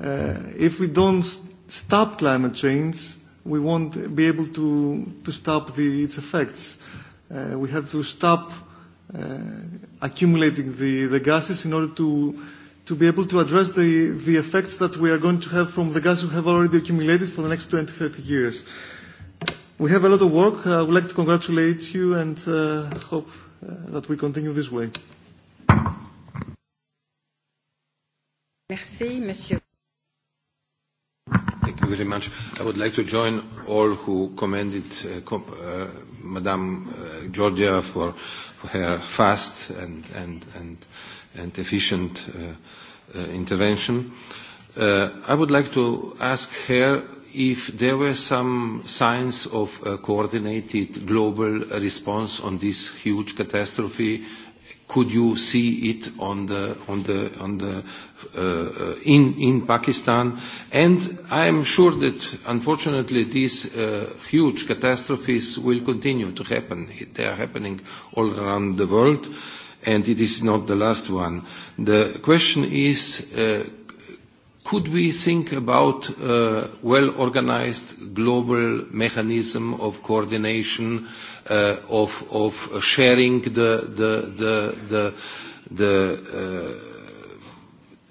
uh, if we don't stop climate change, we won't be able to, to stop the, its effects. Uh, we have to stop uh, accumulating the, the gases in order to, to be able to address the, the effects that we are going to have from the gases we have already accumulated for the next 20, 30 years. We have a lot of work. I would like to congratulate you and uh, hope uh, that we continue this way. Merci, monsieur. Thank you very much. I would like to join all who commended uh, uh, Madame uh, Georgia for, for her fast and, and, and, and efficient uh, uh, intervention. Uh, I would like to ask her if there were some signs of a coordinated global response on this huge catastrophe could you see it on the on the on the uh, uh in in Pakistan and I am sure that unfortunately these uh, huge catastrophes will continue to happen they are happening all around the world and it is not the last one the question is uh, could we think about a well-organized global mechanism of coordination, uh, of, of sharing the, the, the, the, the uh,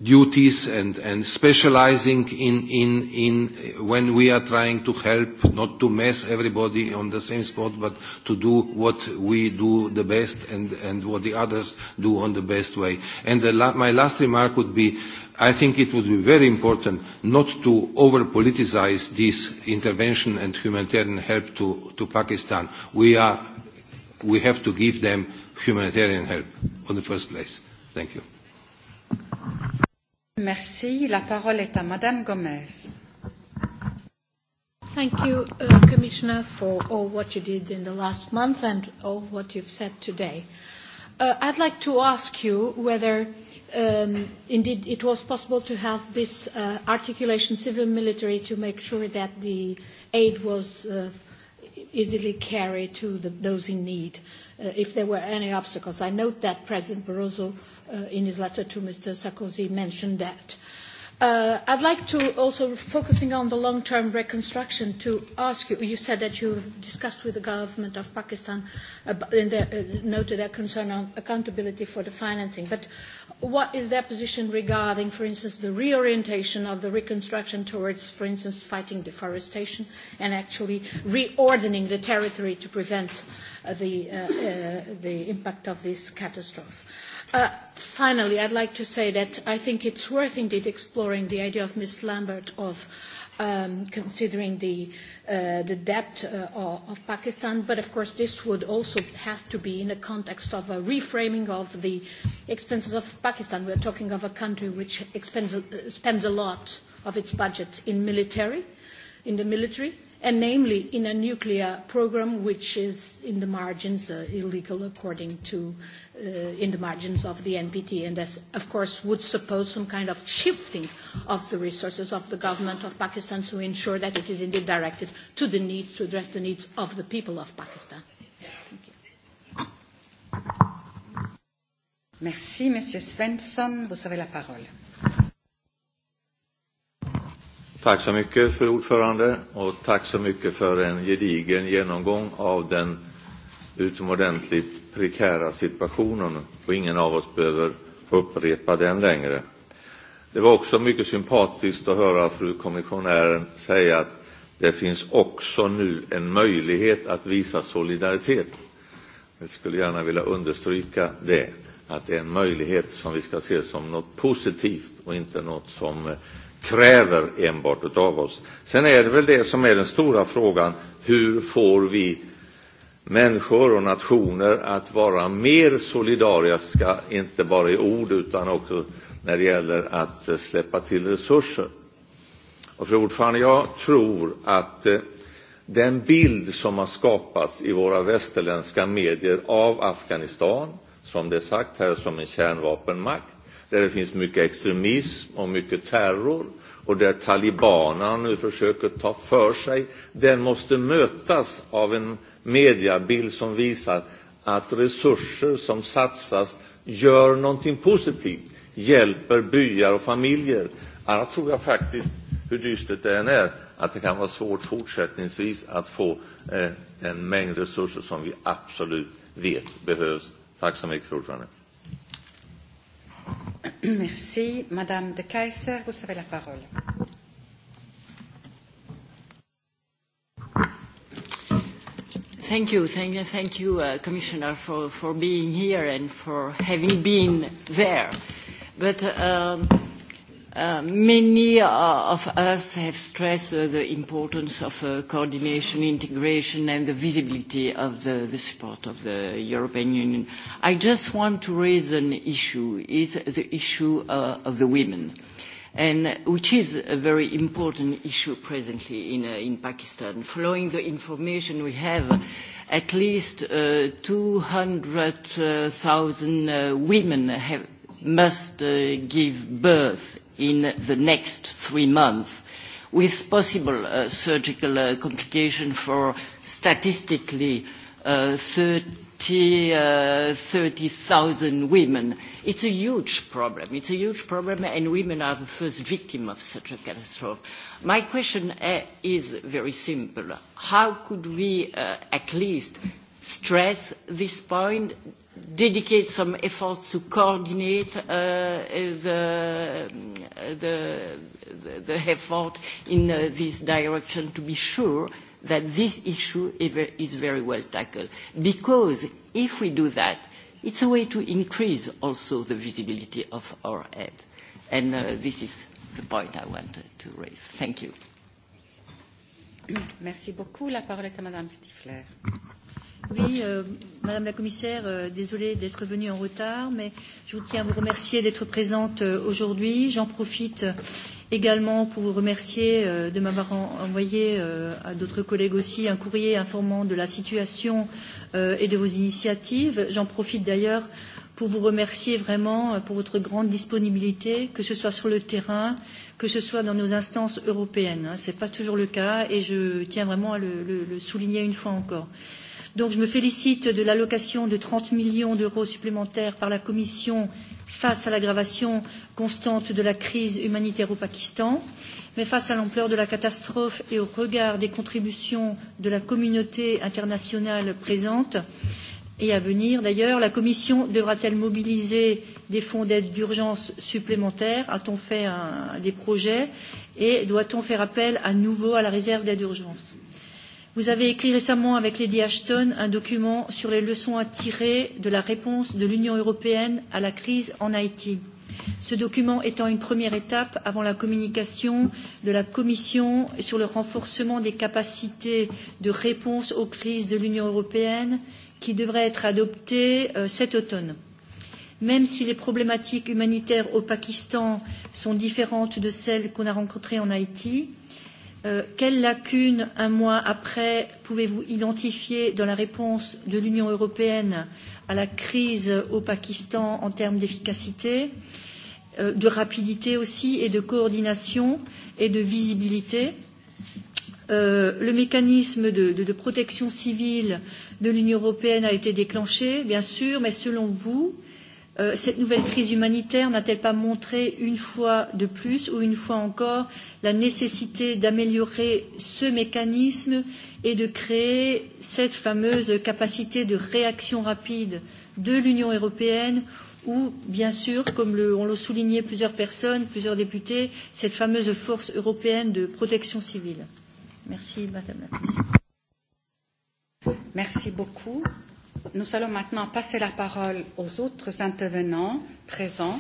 duties and, and specializing in, in, in when we are trying to help, not to mess everybody on the same spot, but to do what we do the best and, and what the others do on the best way. And the la my last remark would be, uh, I think it would be very important not to over-politicize this intervention and humanitarian help to, to Pakistan. We, are, we have to give them humanitarian help in the first place. Thank you. Merci. La parole est à Madame Gomez. Thank you, uh, Commissioner, for all what you did in the last month and all what you've said today. Uh, I'd like to ask you whether um, indeed it was possible to have this uh, articulation civil-military to make sure that the aid was uh, easily carried to the, those in need uh, if there were any obstacles. I note that President Barroso, uh, in his letter to Mr. Sarkozy, mentioned that. Uh, Uh, I'd like to also, focusing on the long-term reconstruction, to ask you, you said that you've discussed with the government of Pakistan and the, uh, noted their concern on accountability for the financing, but what is their position regarding, for instance, the reorientation of the reconstruction towards, for instance, fighting deforestation and actually reordering the territory to prevent uh, the, uh, uh, the impact of this catastrophe? Uh, Uh, finally, I'd like to say that I think it's worth indeed exploring the idea of Ms. Lambert of um, considering the, uh, the debt uh, of Pakistan. But of course, this would also have to be in the context of a reframing of the expenses of Pakistan. We're talking of a country which expends, uh, spends a lot of its budget in military, in the military and namely in a nuclear program which is in the margins uh, illegal according to uh, in the margins of the NPT and that of course would suppose some kind of shifting of the resources of the government of Pakistan to ensure that it is indeed directed to the needs to address the needs of the people of Pakistan. Thank you. Merci, Monsieur Svensson. Vous avez la parole. Tack så mycket för ordförande och tack så mycket för en gedigen genomgång av den utomordentligt prekära situationen och ingen av oss behöver upprepa den längre. Det var också mycket sympatiskt att höra fru kommissionären säga att det finns också nu en möjlighet att visa solidaritet. Jag skulle gärna vilja understryka det, att det är en möjlighet som vi ska se som något positivt och inte något som eh, kräver enbart av oss. Sen är det väl det som är den stora frågan. Hur får vi människor och nationer att vara mer solidariska, inte bara i ord utan också när det gäller att eh, släppa till resurser? Och fru ordförande, jag tror att eh, den bild som har skapats i våra västerländska medier av Afghanistan, som det är sagt här, som en kärnvapenmakt, där det finns mycket extremism och mycket terror och där talibanerna nu försöker ta för sig, den måste mötas av en mediabild som visar att resurser som satsas gör någonting positivt, hjälper byar och familjer. Annars tror jag faktiskt, hur dystert det än är, att det kan vara svårt fortsättningsvis att få eh, en mängd resurser som vi absolut vet behövs. Tack så mycket, fru ordförande. Merci. Madame de Kaiser, vous avez la parole. Thank you. Thank you, thank you uh, Commissioner, for, for being here and for having been there. But um, Uh, many uh, of us have stressed uh, the importance of uh, coordination, integration and the visibility of the, the, support of the European Union. I just want to raise an issue, is the issue uh, of the women, and which is a very important issue presently in, in Pakistan. Following the information we have, at least uh, 200,000 women have, must uh, give birth in the next three months with possible uh, surgical uh, complication for statistically uh, 30,000 uh, women. It's a huge problem. It's a huge problem, and women are the first victim of such a catastrophe. My question uh, is very simple. How could we uh, at least stress this point, dedicate some efforts to coordinate uh, the, the, the effort in uh, this direction to be sure that this issue is very well tackled. Because if we do that, it's a way to increase also the visibility of our aid. And uh, this is the point I wanted to raise. Thank you. Merci beaucoup. La parole est à Madame Stifler. Oui, euh, Madame la Commissaire, euh, désolée d'être venue en retard, mais je tiens à vous remercier d'être présente euh, aujourd'hui. J'en profite euh, également pour vous remercier euh, de m'avoir en, envoyé euh, à d'autres collègues aussi un courrier informant de la situation euh, et de vos initiatives. J'en profite d'ailleurs pour vous remercier vraiment euh, pour votre grande disponibilité, que ce soit sur le terrain, que ce soit dans nos instances européennes. Ce n'est pas toujours le cas et je tiens vraiment à le, le, le souligner une fois encore. Euh, Donc je me félicite de l'allocation de 30 millions d'euros supplémentaires par la Commission face à l'aggravation constante de la crise humanitaire au Pakistan, mais face à l'ampleur de la catastrophe et au regard des contributions de la communauté internationale présente et à venir d'ailleurs, la Commission devra-t-elle mobiliser des fonds d'aide d'urgence supplémentaires A-t-on fait un, des projets Et doit-on faire appel à nouveau à la réserve d'aide d'urgence Vous avez écrit récemment avec Lady Ashton un document sur les leçons à tirer de la réponse de l'Union européenne à la crise en Haïti. Ce document étant une première étape avant la communication de la Commission sur le renforcement des capacités de réponse aux crises de l'Union européenne qui devrait être adoptée euh, cet automne. Même si les problématiques humanitaires au Pakistan sont différentes de celles qu'on a rencontrées en Haïti, Euh, quelles lacunes, un mois après, pouvez-vous identifier dans la réponse de l'Union européenne à la crise au Pakistan en termes d'efficacité, euh, de rapidité aussi, et de coordination et de visibilité euh, le mécanisme de, de, de protection civile de l'Union européenne a été déclenché, bien sûr, mais selon vous, Euh, cette nouvelle crise humanitaire n'a-t-elle pas montré une fois de plus ou une fois encore la nécessité d'améliorer ce mécanisme et de créer cette fameuse capacité de réaction rapide de l'Union européenne ou, bien sûr, comme le, on l'a souligné plusieurs personnes, plusieurs députés, cette fameuse force européenne de protection civile Merci, Madame la Présidente. Merci beaucoup nous allons maintenant passer la parole aux autres intervenants présents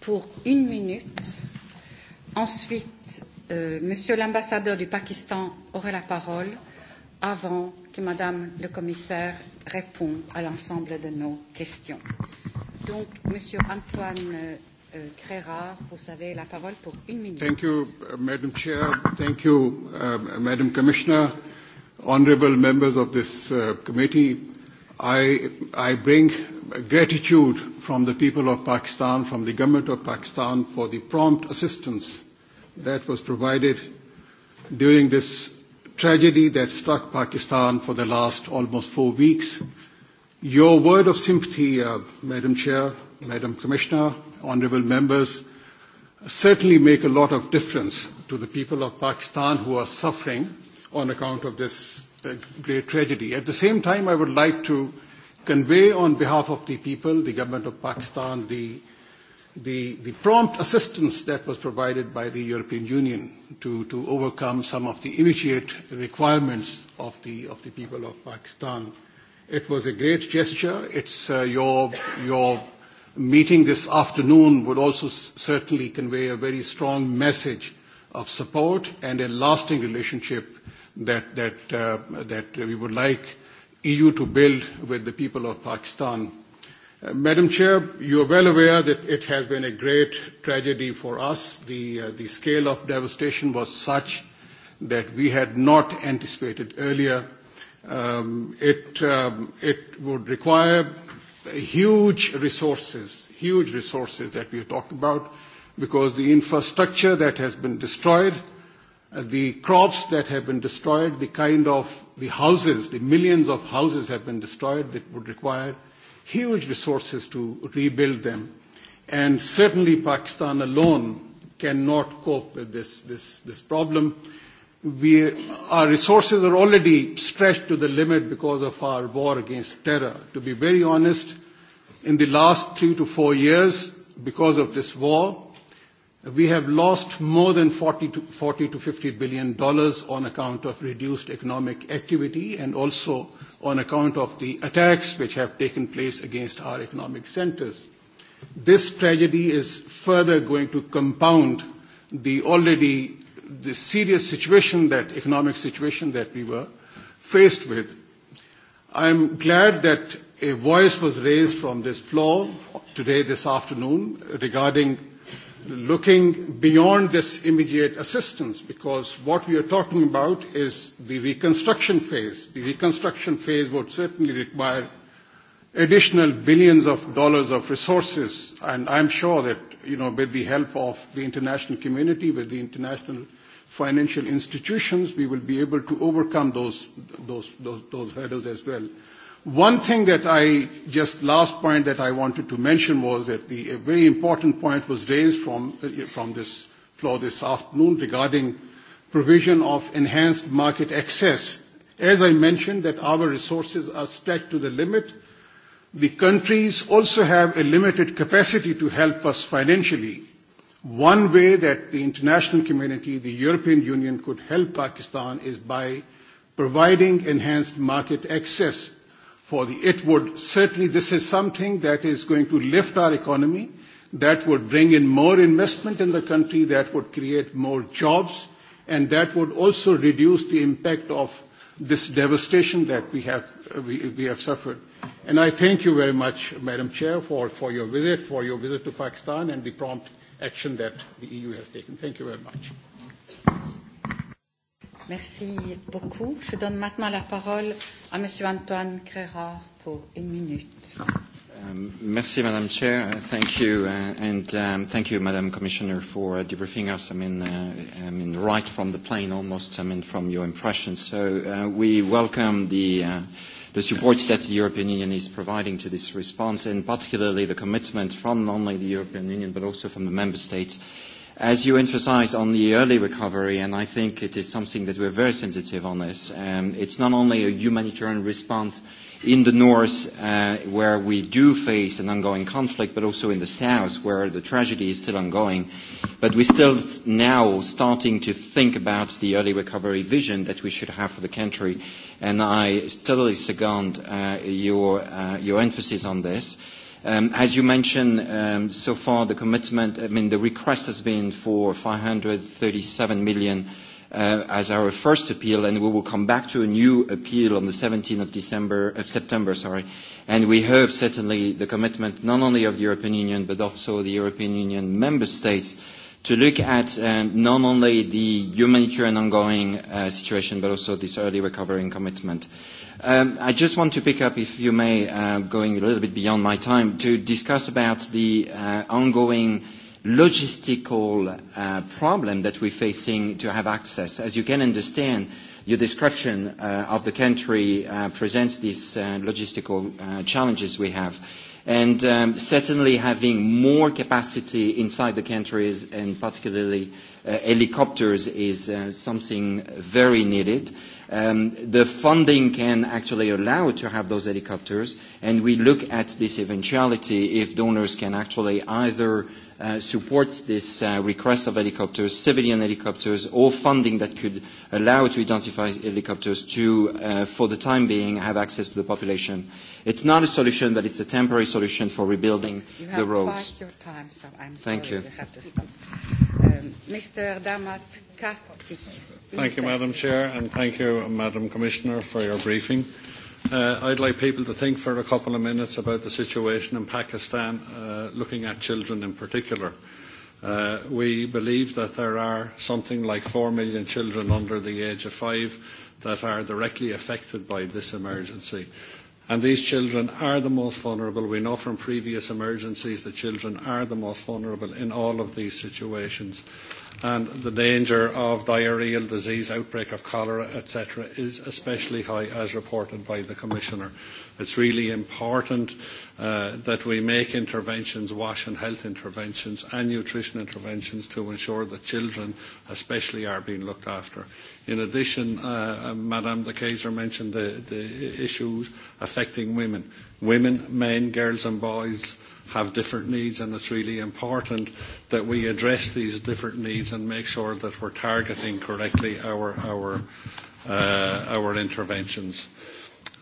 pour une minute. Ensuite, euh, Monsieur l'ambassadeur du Pakistan aura la parole avant que Madame le commissaire réponde à l'ensemble de nos questions. Donc, Monsieur Antoine uh, Crérard, vous avez la parole pour une minute. Thank you, euh, Madam Chair. Thank you, uh, Madam Commissioner, honorable members of this uh, committee. I, I bring gratitude from the people of Pakistan, from the government of Pakistan for the prompt assistance that was provided during this tragedy that struck Pakistan for the last almost four weeks. Your word of sympathy, uh, Madam Chair, Madam Commissioner, honourable members, certainly make a lot of difference to the people of Pakistan who are suffering on account of this a great tragedy. At the same time, I would like to convey on behalf of the people, the government of Pakistan, the, the, the prompt assistance that was provided by the European Union to, to overcome some of the immediate requirements of the, of the people of Pakistan. It was a great gesture. It's uh, your, your meeting this afternoon would also certainly convey a very strong message of support and a lasting relationship that, that, uh, that we would like EU to build with the people of Pakistan. Uh, Madam Chair, you are well aware that it has been a great tragedy for us. The, uh, the scale of devastation was such that we had not anticipated earlier. Um, it, um, it would require huge resources, huge resources that we talked about, because the infrastructure that has been destroyed – the crops that have been destroyed, the kind of the houses, the millions of houses have been destroyed that would require huge resources to rebuild them. And certainly Pakistan alone cannot cope with this, this, this problem. We, our resources are already stretched to the limit because of our war against terror. To be very honest, in the last three to four years, because of this war, we have lost more than 40 to, 50 billion dollars on account of reduced economic activity and also on account of the attacks which have taken place against our economic centers. This tragedy is further going to compound the already the serious situation that economic situation that we were faced with. I'm glad that a voice was raised from this floor today this afternoon regarding looking beyond this immediate assistance because what we are talking about is the reconstruction phase. The reconstruction phase would certainly require additional billions of dollars of resources and I'm sure that you know with the help of the international community with the international financial institutions we will be able to overcome those those those, those hurdles as well One thing that I just last point that I wanted to mention was that the a very important point was raised from from this floor this afternoon regarding provision of enhanced market access. As I mentioned, that our resources are stretched to the limit. The countries also have a limited capacity to help us financially. One way that the international community, the European Union, could help Pakistan is by providing enhanced market access for the, it would certainly, this is something that is going to lift our economy, that would bring in more investment in the country, that would create more jobs, and that would also reduce the impact of this devastation that we have, uh, we, we have suffered. And I thank you very much, Madam Chair, for, for your visit, for your visit to Pakistan and the prompt action that the EU has taken. Thank you very much. Merci beaucoup. Je donne maintenant la parole à Monsieur Antoine Crérard pour une minute. Um, merci, Madam Chair. Uh, thank you, uh, and um, thank you, Madam Commissioner, for uh, debriefing us. I mean, uh, I mean, right from the plane, almost. I mean, from your impressions. So uh, we welcome the. Uh, the support that the European Union is providing to this response, and particularly the commitment from not only the European Union but also from the Member States As you emphasize on the early recovery, and I think it is something that we're very sensitive on this, um, it's not only a humanitarian response in the north uh, where we do face an ongoing conflict, but also in the south where the tragedy is still ongoing. But we're still now starting to think about the early recovery vision that we should have for the country. And I totally second uh, your, uh, your emphasis on this. Um, as you mentioned, um, so far the commitment, I mean, the request has been for 537 million uh, as our first appeal, and we will come back to a new appeal on the 17th of December, of September, sorry. And we have certainly the commitment not only of the European Union, but also the European Union member states to look at um, not only the humanitarian ongoing uh, situation, but also this early recovery and commitment. Um, I just want to pick up, if you may, uh, going a little bit beyond my time, to discuss about the uh, ongoing logistical uh, problem that we're facing to have access. As you can understand, uh, Your description uh, of the country uh, presents these uh, logistical uh, challenges we have. And um, certainly having more capacity inside the countries and particularly uh, helicopters is uh, something very needed. Um, the funding can actually allow to have those helicopters and we look at this eventuality if donors can actually either Uh, supports this uh, request of helicopters, civilian helicopters, or funding that could allow to identify helicopters to, uh, for the time being, have access to the population. It's not a solution, but it's a temporary solution for rebuilding the roads. You have twice your time, so I'm Thank sorry you have to stop. Um, Mr. Damat Karti. Thank you, Madam Chair, and thank you, Madam Commissioner, for your briefing. Uh, I'd like people to think for a couple of minutes about the situation in Pakistan, uh, looking at children in particular. Uh, we believe that there are something like 4 million children under the age of five that are directly affected by this emergency. And these children are the most vulnerable. We know from previous emergencies that children are the most vulnerable in all of these situations and the danger of diarrheal disease, outbreak of cholera, etc., is especially high, as reported by the Commissioner. It's really important uh, that we make interventions, wash and health interventions, and nutrition interventions to ensure that children, especially, are being looked after. In addition, uh, uh Madame de Kayser mentioned the, the issues affecting women. Women, men, girls, and boys have different needs, and it's really important that we address these different needs and make sure that we're targeting correctly our, our, uh, our interventions.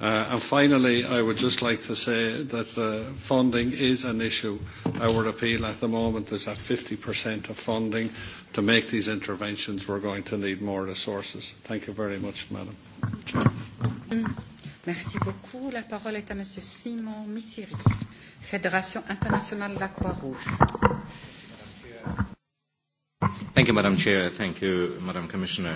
Uh, and finally, I would just like to say that uh, funding is an issue. Our appeal at the moment is at 50% of funding to make these interventions. We're going to need more resources. Thank you very much, Madam Chair. Mm. Merci beaucoup. La parole est à Monsieur Simon Missiri, Fédération internationale de la Croix-Rouge. Thank you, Madam Chair. Thank you, Madam Commissioner.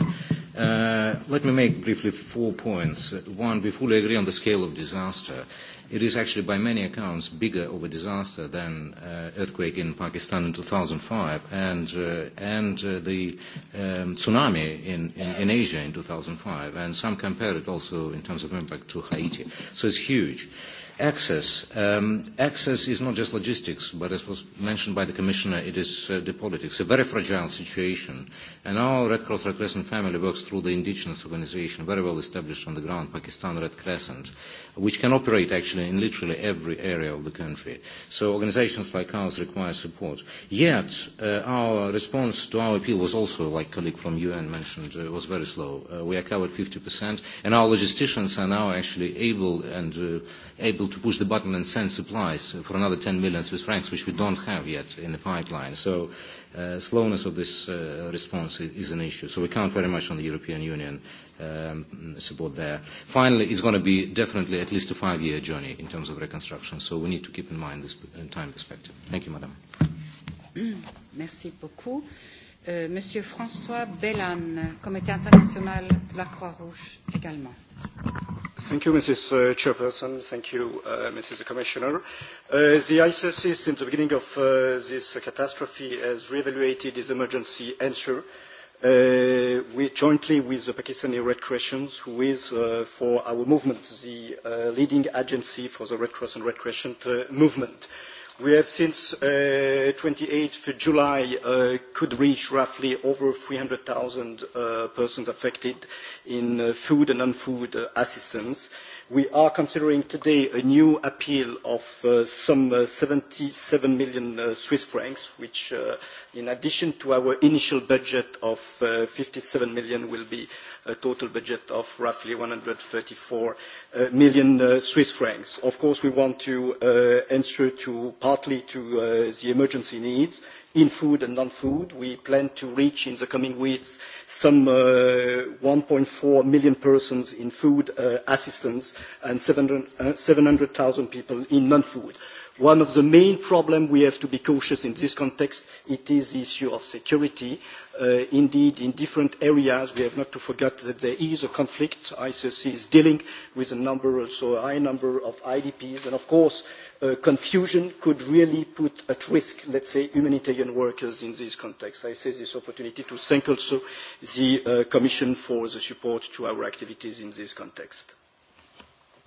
Uh, let me make briefly four points. One, we fully agree on the scale of disaster. Uh, It is actually, by many accounts, bigger of a disaster than uh, earthquake in Pakistan in 2005 and, uh, and uh, the um, tsunami in, in, in Asia in 2005. And some compare it also in terms of impact to Haiti. So it's huge. Access. Um, access is not just logistics, but as was mentioned by the Commissioner, it is uh, the politics. A very fragile situation. And our Red Cross Red Crescent family works through the indigenous organization, very well established on the ground, Pakistan Red Crescent, which can operate actually in literally every area of the country. So organizations like ours require support. Yet, uh, our response to our appeal was also, like colleague from UN mentioned, uh, was very slow. Uh, we are covered 50%, and our logisticians are now actually able and uh, able to push the button and send supplies for another 10 million Swiss francs, which we don't have yet in the pipeline. So uh, slowness of this uh, response is an issue. So we count very much on the European Union um, support there. Finally, it's going to be definitely at least a five-year journey in terms of reconstruction. So we need to keep in mind this uh, time perspective. Thank you, Madam. Merci beaucoup. Euh, Monsieur François Bellan, Comité international de la Croix-Rouge également. Thank you, Mrs. Uh, Chairperson. Thank you, uh, Mrs. Commissioner. Uh, the ICC, since the beginning of uh, this catastrophe, has reevaluated its emergency answer, uh, we, jointly with the Pakistani Red Crescent, who is, uh, for our movement, the uh, leading agency for the Red Cross and Red Crescent uh, movement. Uh, We have since uh, 28th July uh, could reach roughly over 300,000 uh, persons affected in uh, food and non-food uh, assistance. Uh, we are considering today a new appeal of uh, some uh, 77 million uh, Swiss francs, which uh, in addition to our initial budget of uh, 57 million will be a total budget of roughly 134 uh, million uh, Swiss francs. Of course, we want to uh, answer partly to the emergency needs, in food and non-food. We plan to reach in the coming weeks some uh, 1.4 million persons in food uh, assistance and 700,000 uh, people in non-food One of the main problems we have to be cautious in this context, it is the issue of security. Uh, indeed, in different areas, we have not to forget that there is a conflict. ICC is dealing with a number, also a high number of IDPs, and of course, uh, confusion could really put at risk, let's say, humanitarian workers in this context. I say this opportunity to thank also the uh, Commission for the support to our activities in this context.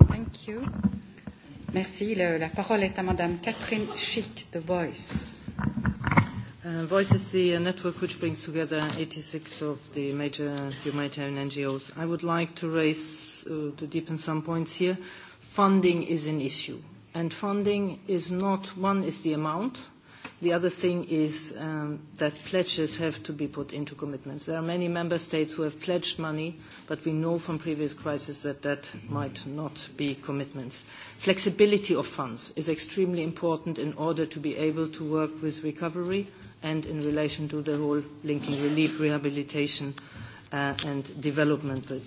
Thank you. Merci. Le, la parole est à Madame Catherine Schick de Voice. Uh, Voice is the uh, network which brings together 86 of the major humanitarian NGOs. I would like to raise, uh, to deepen some points here. Funding is an issue. And funding is not, one is the amount, The other thing is um, that pledges have to be put into commitments. There are many member states who have pledged money, but we know from previous crises that that might not be commitments. Flexibility of funds is extremely important in order to be able to work with recovery and in relation to the whole linking relief, rehabilitation, uh, and development. But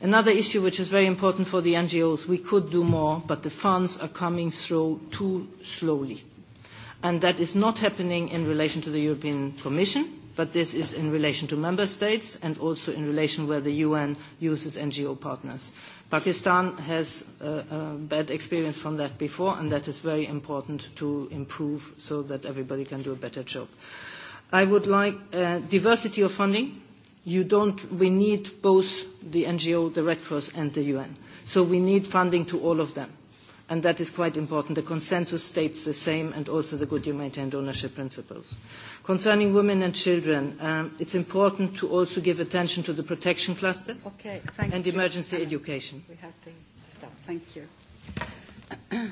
another issue which is very important for the NGOs, we could do more, but the funds are coming through too slowly and that is not happening in relation to the European Commission, but this is in relation to member states and also in relation where the UN uses NGO partners. Pakistan has a, uh, a uh, bad experience from that before, and that is very important to improve so that everybody can do a better job. I would like uh, diversity of funding. You don't, we need both the NGO, the Red Cross, and the UN. So we need funding to all of them and that is quite important. The consensus states the same and also the good humanitarian ownership principles. Concerning women and children, um, it's important to also give attention to the protection cluster okay, thank and you. emergency education. We have to stop. Thank you.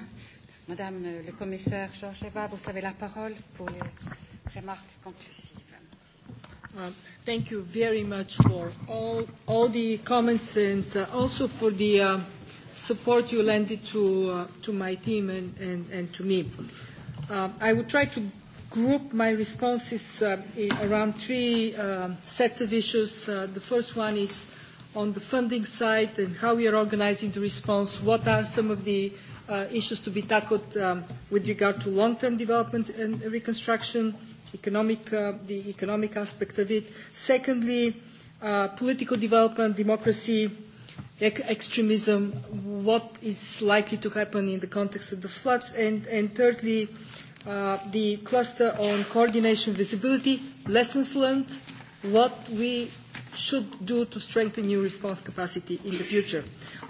Madame le commissaire Georgieva, vous avez la parole pour les remarques conclusives. Uh, thank you very much for all, all the comments and uh, also for the uh, support you lended to, uh, to my team and, and, and to me. Uh, I would try to group my responses uh, around three uh, sets of issues. Uh, the first one is on the funding side and how we are organizing the response, what are some of the uh, issues to be tackled um, with regard to long-term development and reconstruction, economic, uh, the economic aspect of it. Secondly, uh, political development, democracy, extremism, what is likely to happen in the context of the floods, and, and thirdly, uh, the cluster on coordination visibility, lessons learned, what we should do to strengthen new response capacity in the future.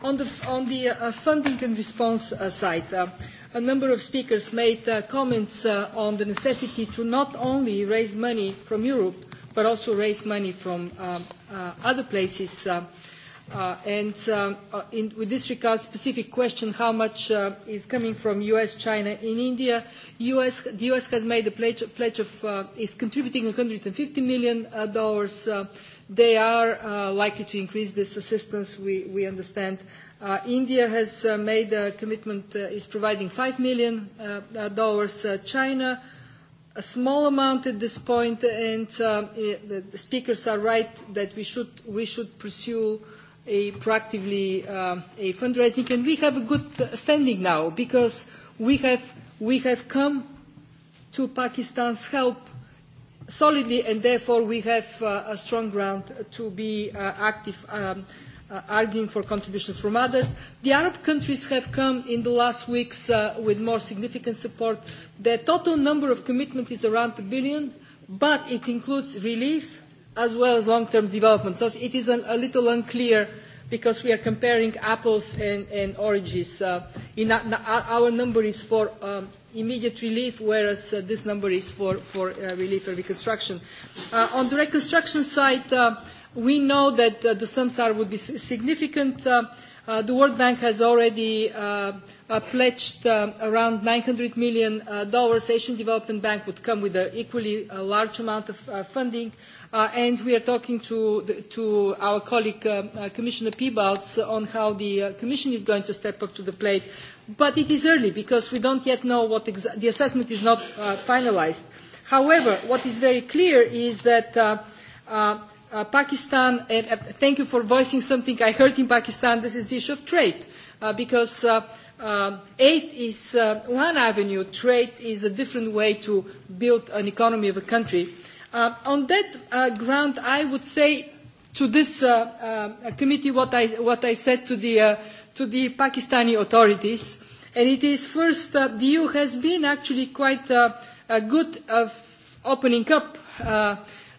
On the, on the uh, funding and response uh, side, uh, a number of speakers made uh, comments uh, on the necessity to not only raise money from Europe, but also raise money from um, uh, other places. Uh, Uh, and uh, uh, in, with this regard, specific question, how much uh, is coming from U.S., China, and India? US, the U.S. has made a pledge, pledge of, uh, is contributing $150 million. Uh, uh, they are uh, likely to increase this assistance, we, we understand. Uh, India has uh, made a commitment, uh, is providing $5 million. Uh, China, a small amount at this point, and the speakers are right that we should, we should pursue a proactively uh, a fundraising, and we have a good standing now because we have we have come to Pakistan's help solidly, and therefore we have uh, a strong ground to be uh, active. Um, uh, arguing for contributions from others. The Arab countries have come in the last weeks uh, with more significant support. The total number of commitment is around a billion, but it includes relief, as well as long-term development. So it is an, a little unclear because we are comparing apples and, and oranges. Uh, in, uh, our number is for um, immediate relief, whereas uh, this number is for, for uh, relief and reconstruction. Uh, on the reconstruction side, uh, we know that uh, the sums are would be significant. Uh, Uh, the World Bank has already uh, uh, pledged uh, around $900 million. Uh, Asian Development Bank would come with an equally uh, large amount of uh, funding. Uh, and we are talking to, the, to our colleague um, uh, Commissioner Piebalgs on how the uh, Commission is going to step up to the plate. But it is early because we don't yet know what exa- the assessment is not uh, finalized. However, what is very clear is that uh, uh, uh, Pakistan, and uh, thank you for voicing something I heard in Pakistan. This is the issue of trade, uh, because uh, uh, aid is uh, one avenue. Trade is a different way to build an economy of a country. Uh, on that uh, ground, I would say to this uh, uh, committee what I, what I said to the, uh, to the Pakistani authorities. And it is first, uh, the EU has been actually quite uh, good of uh, opening up uh,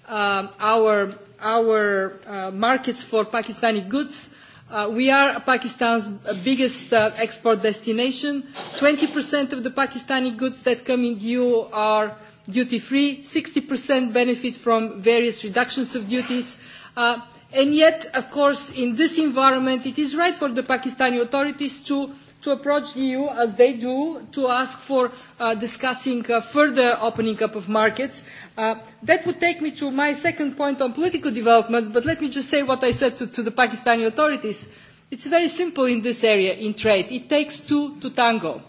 uh, our our uh, markets for Pakistani goods. Uh, we are Pakistan's biggest uh, export destination. 20% of the Pakistani goods that come in EU are duty-free, 60% benefit from various reductions of duties. Uh, and yet, of course, in this environment, it is right for the Pakistani authorities to to approach the EU as they do to ask for uh, discussing uh, further opening up of markets. Uh, that would take me to my second point on political developments, but let me just say what I said to, to the Pakistani authorities. It's very simple in this area, in trade. It takes two to tango.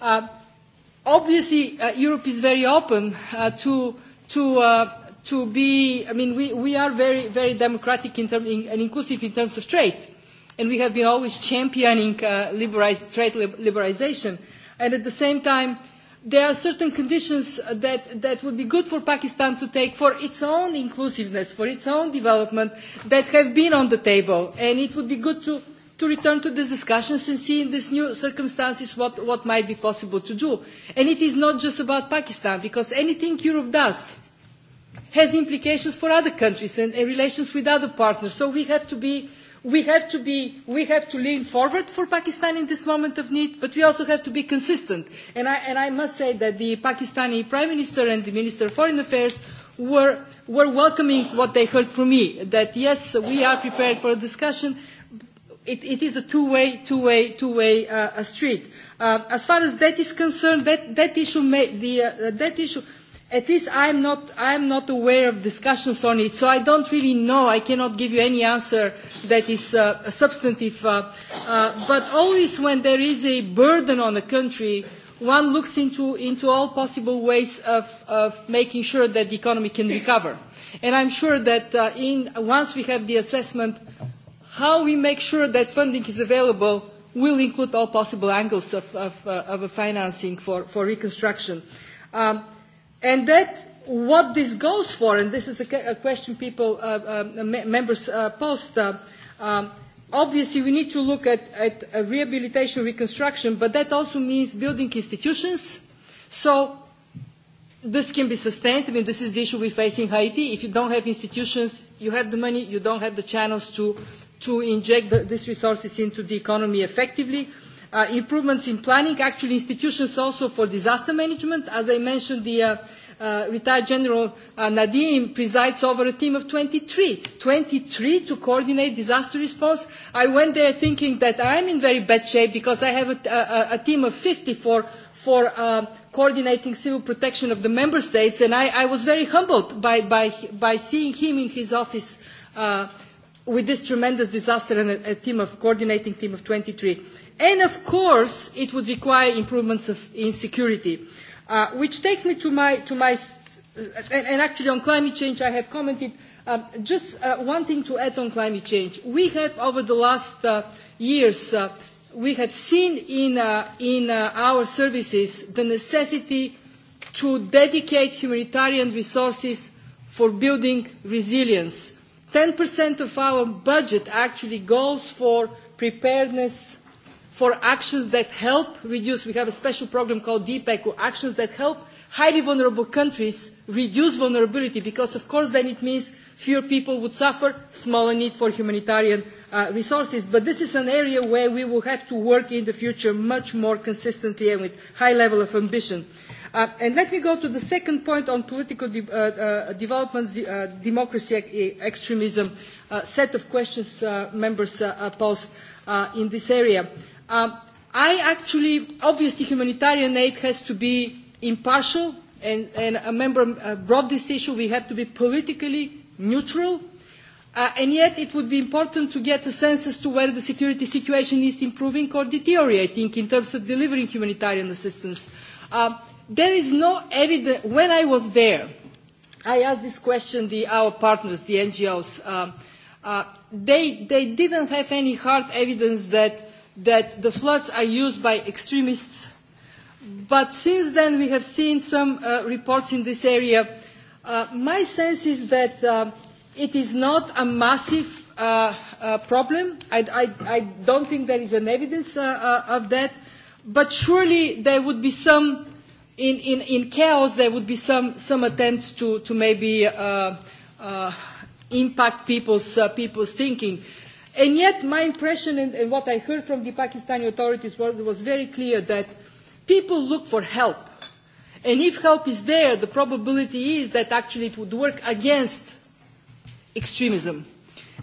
Uh, obviously, uh, Europe is very open uh, to, to, uh, to be, I mean, we, we are very, very democratic in term, in, and inclusive in terms of trade. And we have been always championing uh, liberalized, trade liberalisation. liberalization. And at the same time, there are certain conditions that, that would be good for Pakistan to take for its own inclusiveness, for its own development, that have been on the table. And it would be good to, to return to these discussions and see in these new circumstances what, what might be possible to do. And it is not just about Pakistan, because anything Europe does has implications for other countries and, and relations with other partners. So we have to be We have to lean forward for Pakistan in this moment of need, but we also have to be consistent. And I, and I must say that the Pakistani Prime Minister and the Minister of Foreign Affairs were, were welcoming what they heard from me, that yes, we are prepared for a discussion, It, it, is a two-way, two-way, two-way uh, street. Uh, as far as that is concerned, that, that issue, may, the, uh, that issue, at least I'm not, I'm not aware of discussions on it, so I don't really know. I cannot give you any answer that is uh, substantive. Uh, uh, but always when there is a burden on a country, one looks into, into all possible ways of, of making sure that the economy can recover. And I'm sure that uh, in, once we have the assessment, how we make sure that funding is available will include all possible angles of, of, uh, of financing for, for reconstruction. Um, And that what this goes for, and this is a, a question people, uh, uh, members uh, post, uh, um, obviously we need to look at, at uh, rehabilitation, reconstruction, but that also means building institutions. So this can be sustained. I mean, this is the issue we face in Haiti. If you don't have institutions, you have the money, you don't have the channels to, to inject the, these resources into the economy effectively. Uh, uh, improvements in planning, actually institutions also for disaster management. As I mentioned, the uh, uh, retired General uh, Nadim presides over a team of 23, 23 to coordinate disaster response. I went there thinking that I'm in very bad shape because I have a, a, a team of 50 for, for uh, coordinating civil protection of the member states, and I, I was very humbled by, by, by seeing him in his office uh, with this tremendous disaster and a, a team of coordinating team of 23. And of course, it would require improvements of, in security, uh, which takes me to my, to my uh, and, and actually on climate change I have commented. Um, just uh, one thing to add on climate change. We have over the last uh, years, uh, we have seen in, uh, in uh, our services the necessity to dedicate humanitarian resources for building resilience 10% of our budget actually goes for preparedness for actions that help reduce, we have a special program called DPEC, actions that help highly vulnerable countries reduce vulnerability because of course then it means fewer people would suffer, smaller need for humanitarian uh, resources. But this is an area where we will have to work in the future much more consistently and with high level of ambition. Uh, Uh, and let me go to the second point on political de- uh, uh, developments, de- uh, democracy, e- extremism, uh, set of questions uh, members uh, uh posed uh, in this area. Um, I actually, obviously, humanitarian aid has to be impartial, and, and a member uh, brought this issue. We have to be politically neutral. Uh, and yet it would be important to get a sense as to whether the security situation is improving or deteriorating in terms of delivering humanitarian assistance. Uh, there is no evidence. When I was there, I asked this question the our partners, the NGOs. Um, uh, they they didn't have any hard evidence that that the floods are used by extremists. But since then, we have seen some uh, reports in this area. Uh, my sense is that uh, it is not a massive uh, uh, problem. I, I, I don't think there is an evidence uh, uh, of that. But surely there would be some in, in, in chaos, there would be some, some attempts to, to maybe uh, uh, impact people's, uh, people's thinking. And yet, my impression and, and what I heard from the Pakistani authorities was, was very clear that people look for help. And if help is there, the probability is that actually it would work against extremism.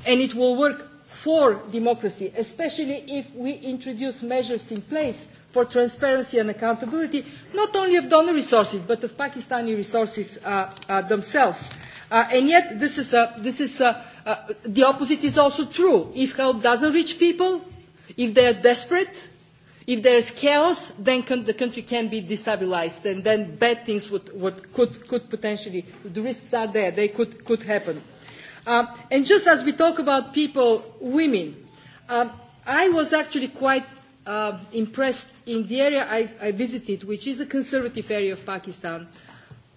And it will work for democracy, especially if we introduce measures in place for transparency and accountability, not only of donor resources, but of Pakistani resources uh, uh, themselves. Uh, and yet, this is, a, this is a, uh, the opposite is also true. If help doesn't reach people, if they are desperate, if there is chaos, then con- the country can be destabilized, and then bad things would, would, could, could potentially, the risks are there, they could, could happen. Uh, and just as we talk about people, women, uh, I was actually quite uh, impressed in the area I, I visited, which is a conservative area of Pakistan.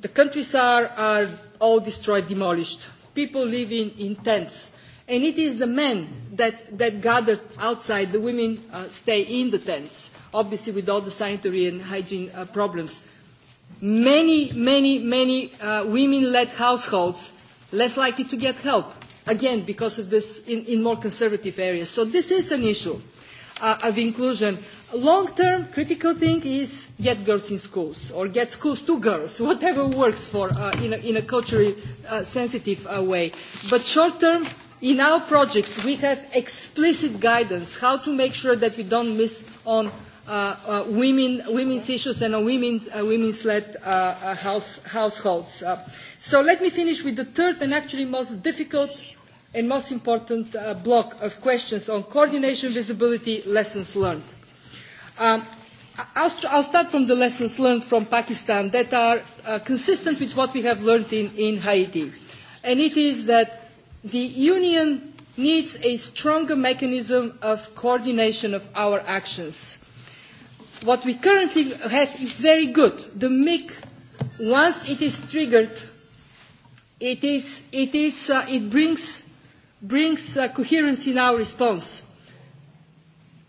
The countries are, are all destroyed, demolished. People live in, in tents. And it is the men that, that outside, the women uh, stay in the tents, obviously with all the sanitary and hygiene uh, problems. Many, many, many uh, women-led households less likely to get help, again, because of this in, in more conservative areas. So this is an issue uh, of inclusion. Long-term critical thing is get girls in schools or get schools to girls, whatever works for uh, in, a, in a culturally uh, sensitive uh, way. But short-term, in our projects, we have explicit guidance how to make sure that we don't miss on Uh, uh, women, women's issues and on women, uh, women's-led uh, uh, house, households. Uh, so let me finish with the third and actually most difficult and most important uh, block of questions on coordination, visibility, lessons learned. Um, I'll, st I'll start from the lessons learned from Pakistan that are uh, consistent with what we have learned in, in Haiti. And it is that the Union needs a stronger mechanism of coordination of our actions. What we currently have is very good. The MIC, once it is triggered, it, is, it, is, uh, it brings brings uh, coherence in our response.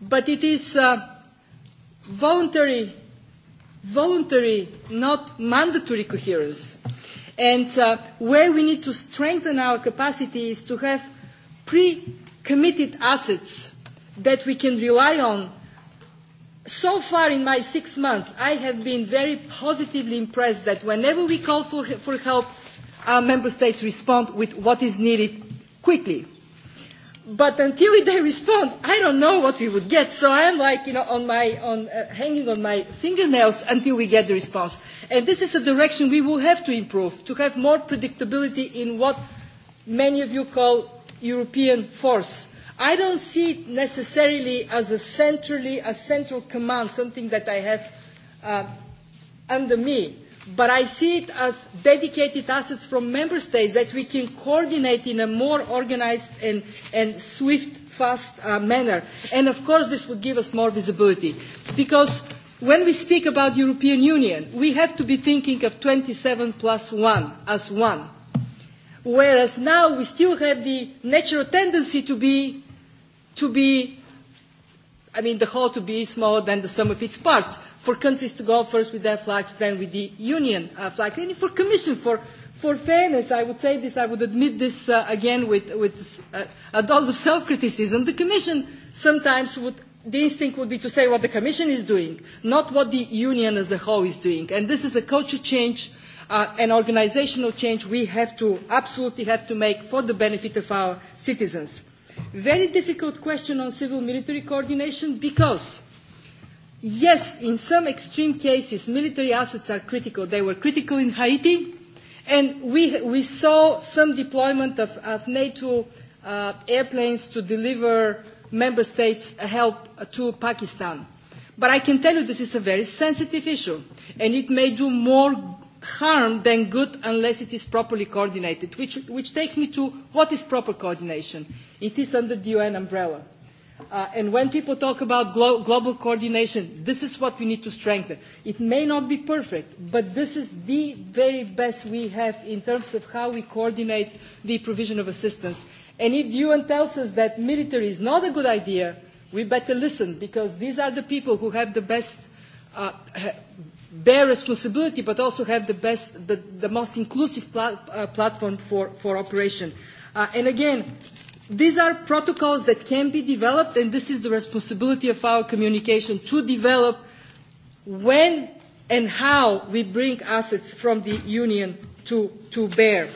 But it is uh, voluntary, voluntary, not mandatory coherence. And uh, where we need to strengthen our capacity is to have pre-committed assets that we can rely on. So far in my six months, I have been very positively impressed that whenever we call for, for help, our member states respond with what is needed quickly. But until they respond, I don't know what we would get. So I'm like, you know, on my, on, uh, hanging on my fingernails until we get the response. And this is a direction we will have to improve, to have more predictability in what many of you call European force. I don't see it necessarily as a centrally, a central command, something that I have uh, under me. But I see it as dedicated assets from member states that we can coordinate in a more organized and, and swift, fast uh, manner. And of course, this would give us more visibility. Because when we speak about European Union, we have to be thinking of 27 plus 1 as one. Whereas now we still have the natural tendency to be, to be I mean, the whole to be smaller than the sum of its parts for countries to go first with their flags, then with the Union uh, flag, and for Commission for for fairness, I would say this, I would admit this uh, again with, with uh, a dose of self-criticism. The Commission sometimes would, the instinct would be to say what the Commission is doing, not what the Union as a whole is doing. And this is a culture change, uh, an organizational change we have to, absolutely have to make for the benefit of our citizens. Very difficult question on civil-military coordination because yes, in some extreme cases, military assets are critical. They were critical in Haiti, and we, we saw some deployment of, of NATO uh, airplanes to deliver member states help to Pakistan. But I can tell you this is a very sensitive issue, and it may do more harm than good unless it is properly coordinated, which, which takes me to what is proper coordination. It is under the UN umbrella. Uh, and when people talk about glo global coordination, this is what we need to strengthen. It may not be perfect, but this is the very best we have in terms of how we coordinate the provision of assistance. And if the UN tells us that military is not a good idea, we better listen, because these are the people who have the best, uh, bear responsibility, but also have the best, the, the most inclusive uh, platform for, for operation. Uh, and again, These are protocols that can be developed, and this is the responsibility of our communication to develop when and how we bring assets from the Union to, to bear.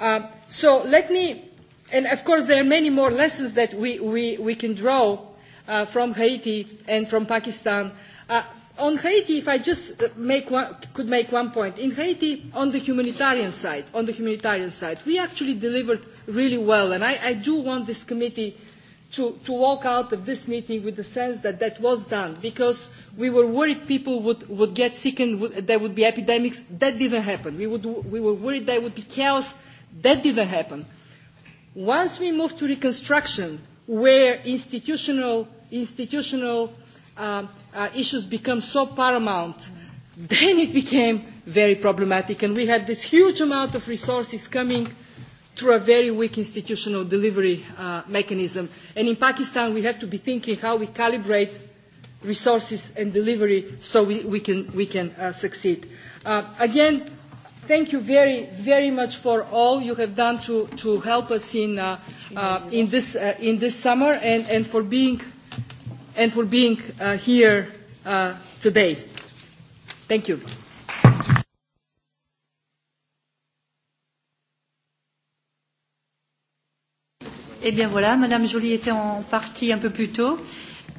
Uh, so let me, and of course there are many more lessons that we, we, we can draw uh, from Haiti and from Pakistan. Uh, On Haiti, if I just uh, make one, could make one point. In Haiti, on the humanitarian side, on the humanitarian side, we actually delivered really well. And I, I do want this committee to, to walk out of this meeting with the sense that that was done because we were worried people would, would get sick and would, there would be epidemics. That didn't happen. We, would, we were worried there would be chaos. That didn't happen. Once we moved to reconstruction, where institutional, institutional uh, uh, issues become so paramount, then it became very problematic. And we had this huge amount of resources coming through a very weak institutional delivery uh, mechanism. And in Pakistan, we have to be thinking how we calibrate resources and delivery so we, we can, we can uh, succeed. Uh, again, thank you very, very much for all you have done to, to help us in, uh, uh, in, this, uh, in this summer and, and for being – and for being uh, here uh, today. Thank you. Eh bien voilà, Madame Jolie était en partie un peu plus tôt.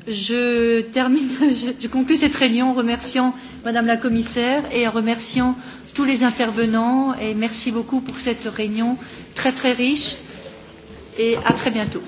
Je termine, je, je conclue cette réunion en remerciant Madame la Commissaire et en remerciant tous les intervenants et merci beaucoup pour cette réunion très très riche et à très bientôt.